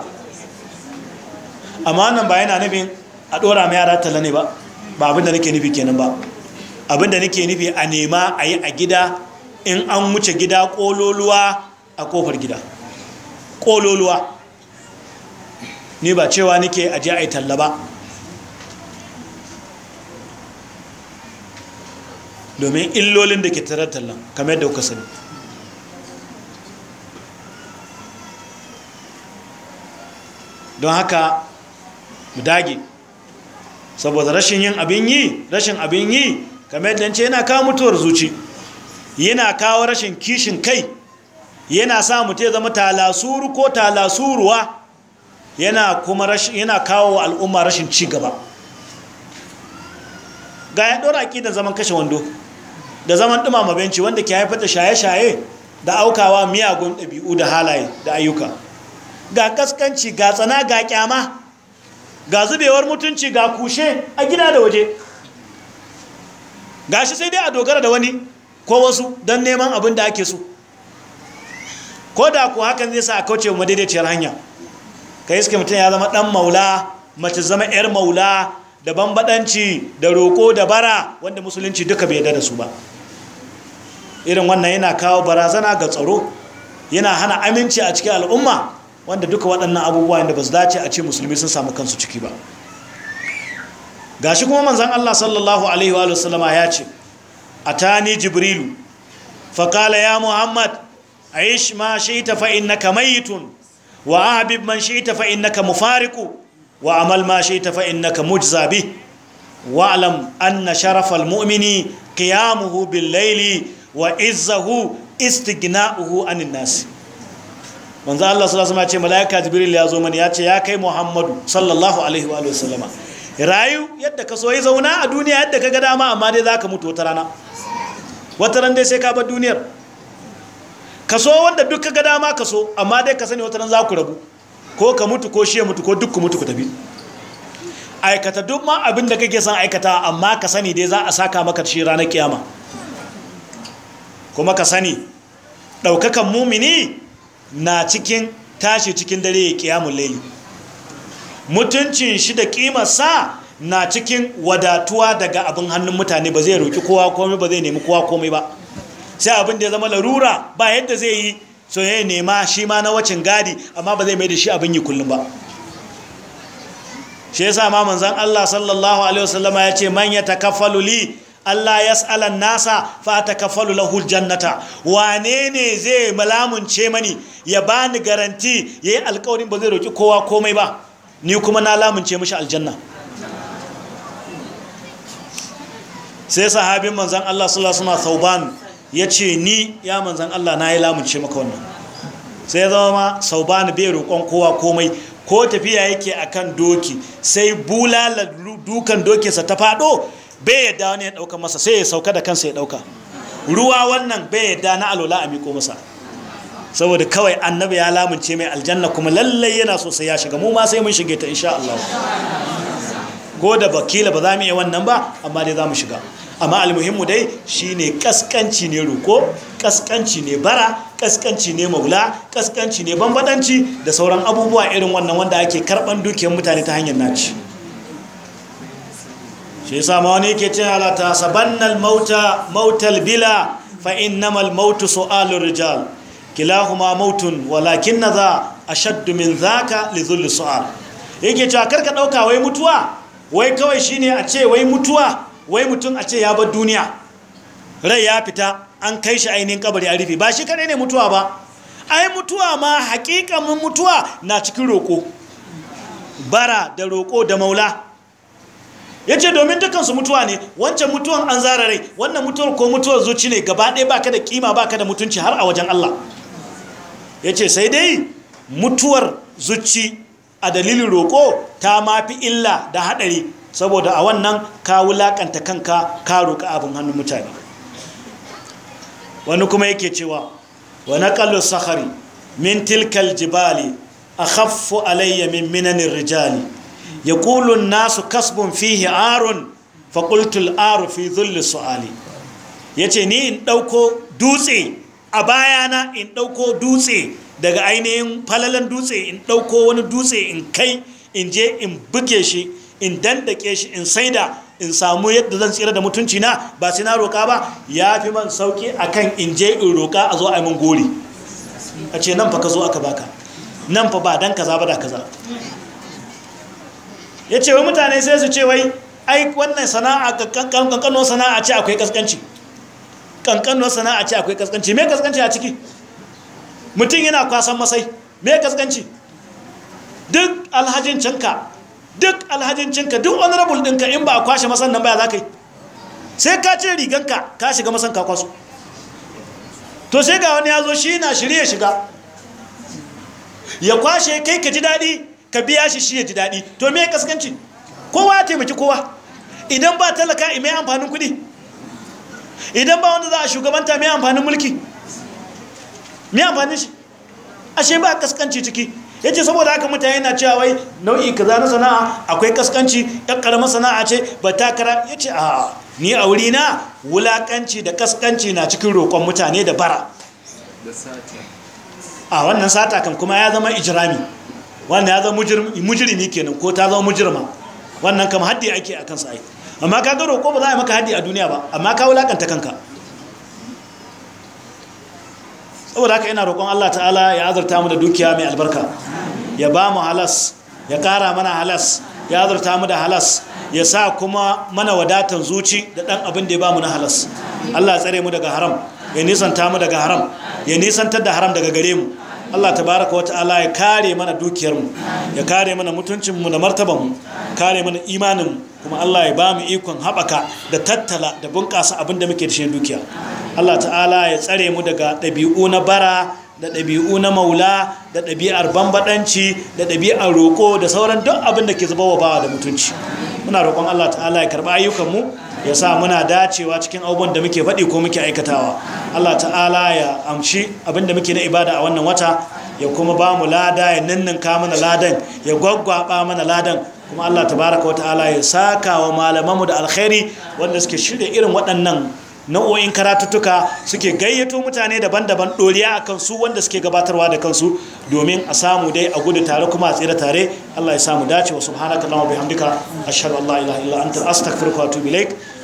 amma nan ba yana nufin a ɗora mai yara ta ne ba ba abin da nake nufi kenan ba abin da nake nufi a nema a yi a gida in an wuce gida kololuwa a kofar gida ƙololuwa ni ba cewa nake aje a yi talla ba domin illolin da ke tarar tallan kamar da kuka sani don haka mu dage saboda rashin yin abin yi rashin abin yi kamar yadda ce yana kawo mutuwar zuci yana kawo rashin kishin kai yana sa mutu ya zama talasuru ko talasuruwa yana kawo wa al'umma rashin ci gaba ga ya ɗora da zaman kashe wando da zaman ɗumama benci wanda ke haifar da shaye-shaye da aukawa miyagun ɗabi'u da halaye da ayyuka ga kaskanci ga tsana ga kyama ga zubewar mutunci ga kushe a gida da waje Ga shi sai dai a dogara da wani ko wasu don neman abin da ake so ko da ku hakan zai sa a kauce wa daidaiciyar hanya ka suke mutum ya zama dan maula mace zama yar maula da bambadanci da roƙo da bara wanda musulunci duka bai yarda da su ba irin wannan yana kawo barazana ga tsaro yana hana aminci a cikin al'umma wanda duka waɗannan abubuwa da ba su dace a ce musulmi sun samu kansu ciki ba gashi kuma manzan Allah sallallahu alaihi ya ce atani jibrilu faqala ya muhammad aish ma ta fa innaka mayitun wa ahbib man ta fa innaka mufariqu wa amal ma shi'ta ta innaka mujza bih wa alam anna sharafal mu'mini qiyamuhu billaili wa izzahu istighna'uhu anin nasi. manzo Allah sallallahu alaihi wasallam ya ce malaika jibril ya zo mani ya ce ya kai muhammadu sallallahu alaihi wa sallama rayu yadda ka so yi zauna a duniya yadda ka ga dama amma dai zaka mutu wata rana wata ran dai sai ka bar duniyar ka so wanda duk ka ga dama ka so amma dai ka sani wata ran za ku rabu ko ka mutu ko shi ya mutu ko duk ku mutu ku tafi aikata duk ma abin da kake son aikata amma ka sani dai za a saka maka shi ranar kiyama kuma ka sani ɗaukakan mumini na cikin tashi cikin dare ya kiyamun laili mutuncin shi da sa na cikin wadatuwa daga abin hannun mutane ba zai roƙi kowa komai ba zai nemi kowa komai ba sai abin da ya zama larura ba yadda zai yi so ya nema shi ma na wacin gadi amma ba zai mai da shi abin yi kullum ba shi yasa ma manzon Allah sallallahu alaihi wasallama ya ce manya takafaluli Allah ya tsalan nasa fata falu lahul jannata wane ne zai malamunce mani ya bani garanti ya yi alkawarin ba zai roƙi kowa komai ba ni kuma na lamunce mashi aljanna sai sahabin manzan Allah sula suna sauban ya ce ni ya manzan Allah na yi lamunce maka wannan sai zama ma sauban bai roƙon kowa komai ko tafiya yake akan doki sai bulala dukan dokinsa ta faɗo bai yadda wani ya dauka masa sai ya sauka da kansa ya dauka ruwa wannan bai yadda na alola a miko masa saboda kawai annabi ya lamunce mai aljanna kuma lallai yana so sai ya shiga mu ma sai mun shige ta insha Allah ko da bakila ba za mu iya wannan ba amma dai za mu shiga amma almuhimmu dai shine kaskanci ne ruko kaskanci ne bara kaskanci ne maula kaskanci ne bambadanci da sauran abubuwa irin wannan wanda ake karban dukiyar mutane ta hanyar naci shi yasa wani yake cewa la tasabannal mauta mautal bila fa innamal mautu su'alur rijal kilahuma mautun walakin na za a shaddu min dhaka li dhulli su'al yake cewa karka ɗauka wai mutuwa wai kawai shine a ce wai mutuwa wai mutum a ce ya bar duniya rai ya fita an kai shi ainihin kabari a rufe ba shi kadai ne mutuwa ba ai mutuwa ma hakikamin mutuwa na cikin roko bara da roko da maula ya ce domin dukansu mutuwa ne wancan mutuwan an zara rai wannan mutuwar ko mutuwar zuci ne gaba ɗaya baka da kima baka da mutunci har a wajen Allah ya ce sai dai mutuwar zuci a dalilin roƙo ta mafi illa da haɗari saboda a wannan ka wulaƙanta kanka ka roƙa abin hannun mutane wani kuma yake cewa wani ƙallon sahari min tilkal jibali a haffu alayya min minanin rijali ya an-nasu kasbun fihi aron fakultul qultu al-aru yace ni in dauko dutse a bayana in dauko dutse daga ainihin falalan dutse in dauko wani dutse in kai in je in buge shi in dandake shi in saida in samu yadda zan tsira da mutunci na ba sai na roƙa ba ya fi man sauƙi akan in je in roƙa a zo a yi gori a ce nan fa ka zo aka baka nan fa ba dan kaza ba da kaza ya ce wai mutane sai su ce wai ai wannan sana'a kankanon sana'a ce akwai kaskanci kankanon sana'a ce akwai kaskanci me kaskanci a ciki mutum yana kwasan masai me kaskanci duk alhajin cinka duk alhajin cinka duk honorable dinka in ba a kwashe masan nan baya za ka yi sai ka ce riganka ka shiga masan ka kwaso to sai ga wani ya zo shi na shirye shiga ya kwashe kai ka ji daɗi ka biya shi shi ya ji daɗi to me kaskanci kowa ya taimaki kowa idan ba talaka mai amfanin kuɗi idan ba wanda za a shugabanta mai amfanin mulki mai amfanin shi ashe ba kaskanci ciki ya ce saboda haka mutane na cewa wai nau'i kaza na sana'a akwai kaskanci ɗan ƙaramin sana'a ce ba ta kara ya ce a ni a wuri na wulaƙanci da kaskanci na cikin roƙon mutane da bara a wannan sata kan kuma ya zama ijirami wannan ya zama mujirimi kenan ko ta zama mujirma wannan kama haddi ake a kansa ai amma ka gado ko ba za a yi maka haddi a duniya ba amma ka wulakanta kanka saboda haka ina roƙon Allah ta'ala ya azurta mu da dukiya mai albarka ya ba mu halas ya ƙara mana halas ya azurta mu da halas ya sa kuma mana wadatan zuci da ɗan abin da ya ba mu na halas Allah ya tsare mu daga haram ya nisanta mu daga haram ya nisantar da haram daga gare mu Allah tabaraka wa ta'ala ya kare mana dukiyarmu ya kare mana mutuncinmu da martabanmu kare mana mu. kuma Allah ya bamu ikon haɓaka da tattala da bunƙasa abinda muke da shi dukiya Allah ta'ala ya tsare mu daga ɗabi'u na bara da ɗabi'u na maula da ɗabi'ar bambaɗanci da ɗabi'ar roƙo da sauran duk abin da ke zuba wa bawa da mutunci muna roƙon Allah ta'ala ya karɓi mu. ya sa muna dacewa cikin abubuwan da muke faɗi ko muke aikatawa Allah ta'ala ya amshi abinda muke na ibada a wannan wata ya kuma ba mu lada ya ninninka mana ladan ya gwaggwaba mana ladan kuma Allah tabaraka wata'ala ya saka wa malamanmu da alkhairi wanda suke shirya irin waɗannan nau'o'in karatuttuka suke gayyato mutane daban-daban ɗoriya a kansu wanda suke gabatarwa da kansu domin a samu dai a gudu tare kuma a tsira tare Allah ya samu dace wa subhanaka Allahumma bihamdika ashhadu an la ilaha illa anta astaghfiruka wa atubu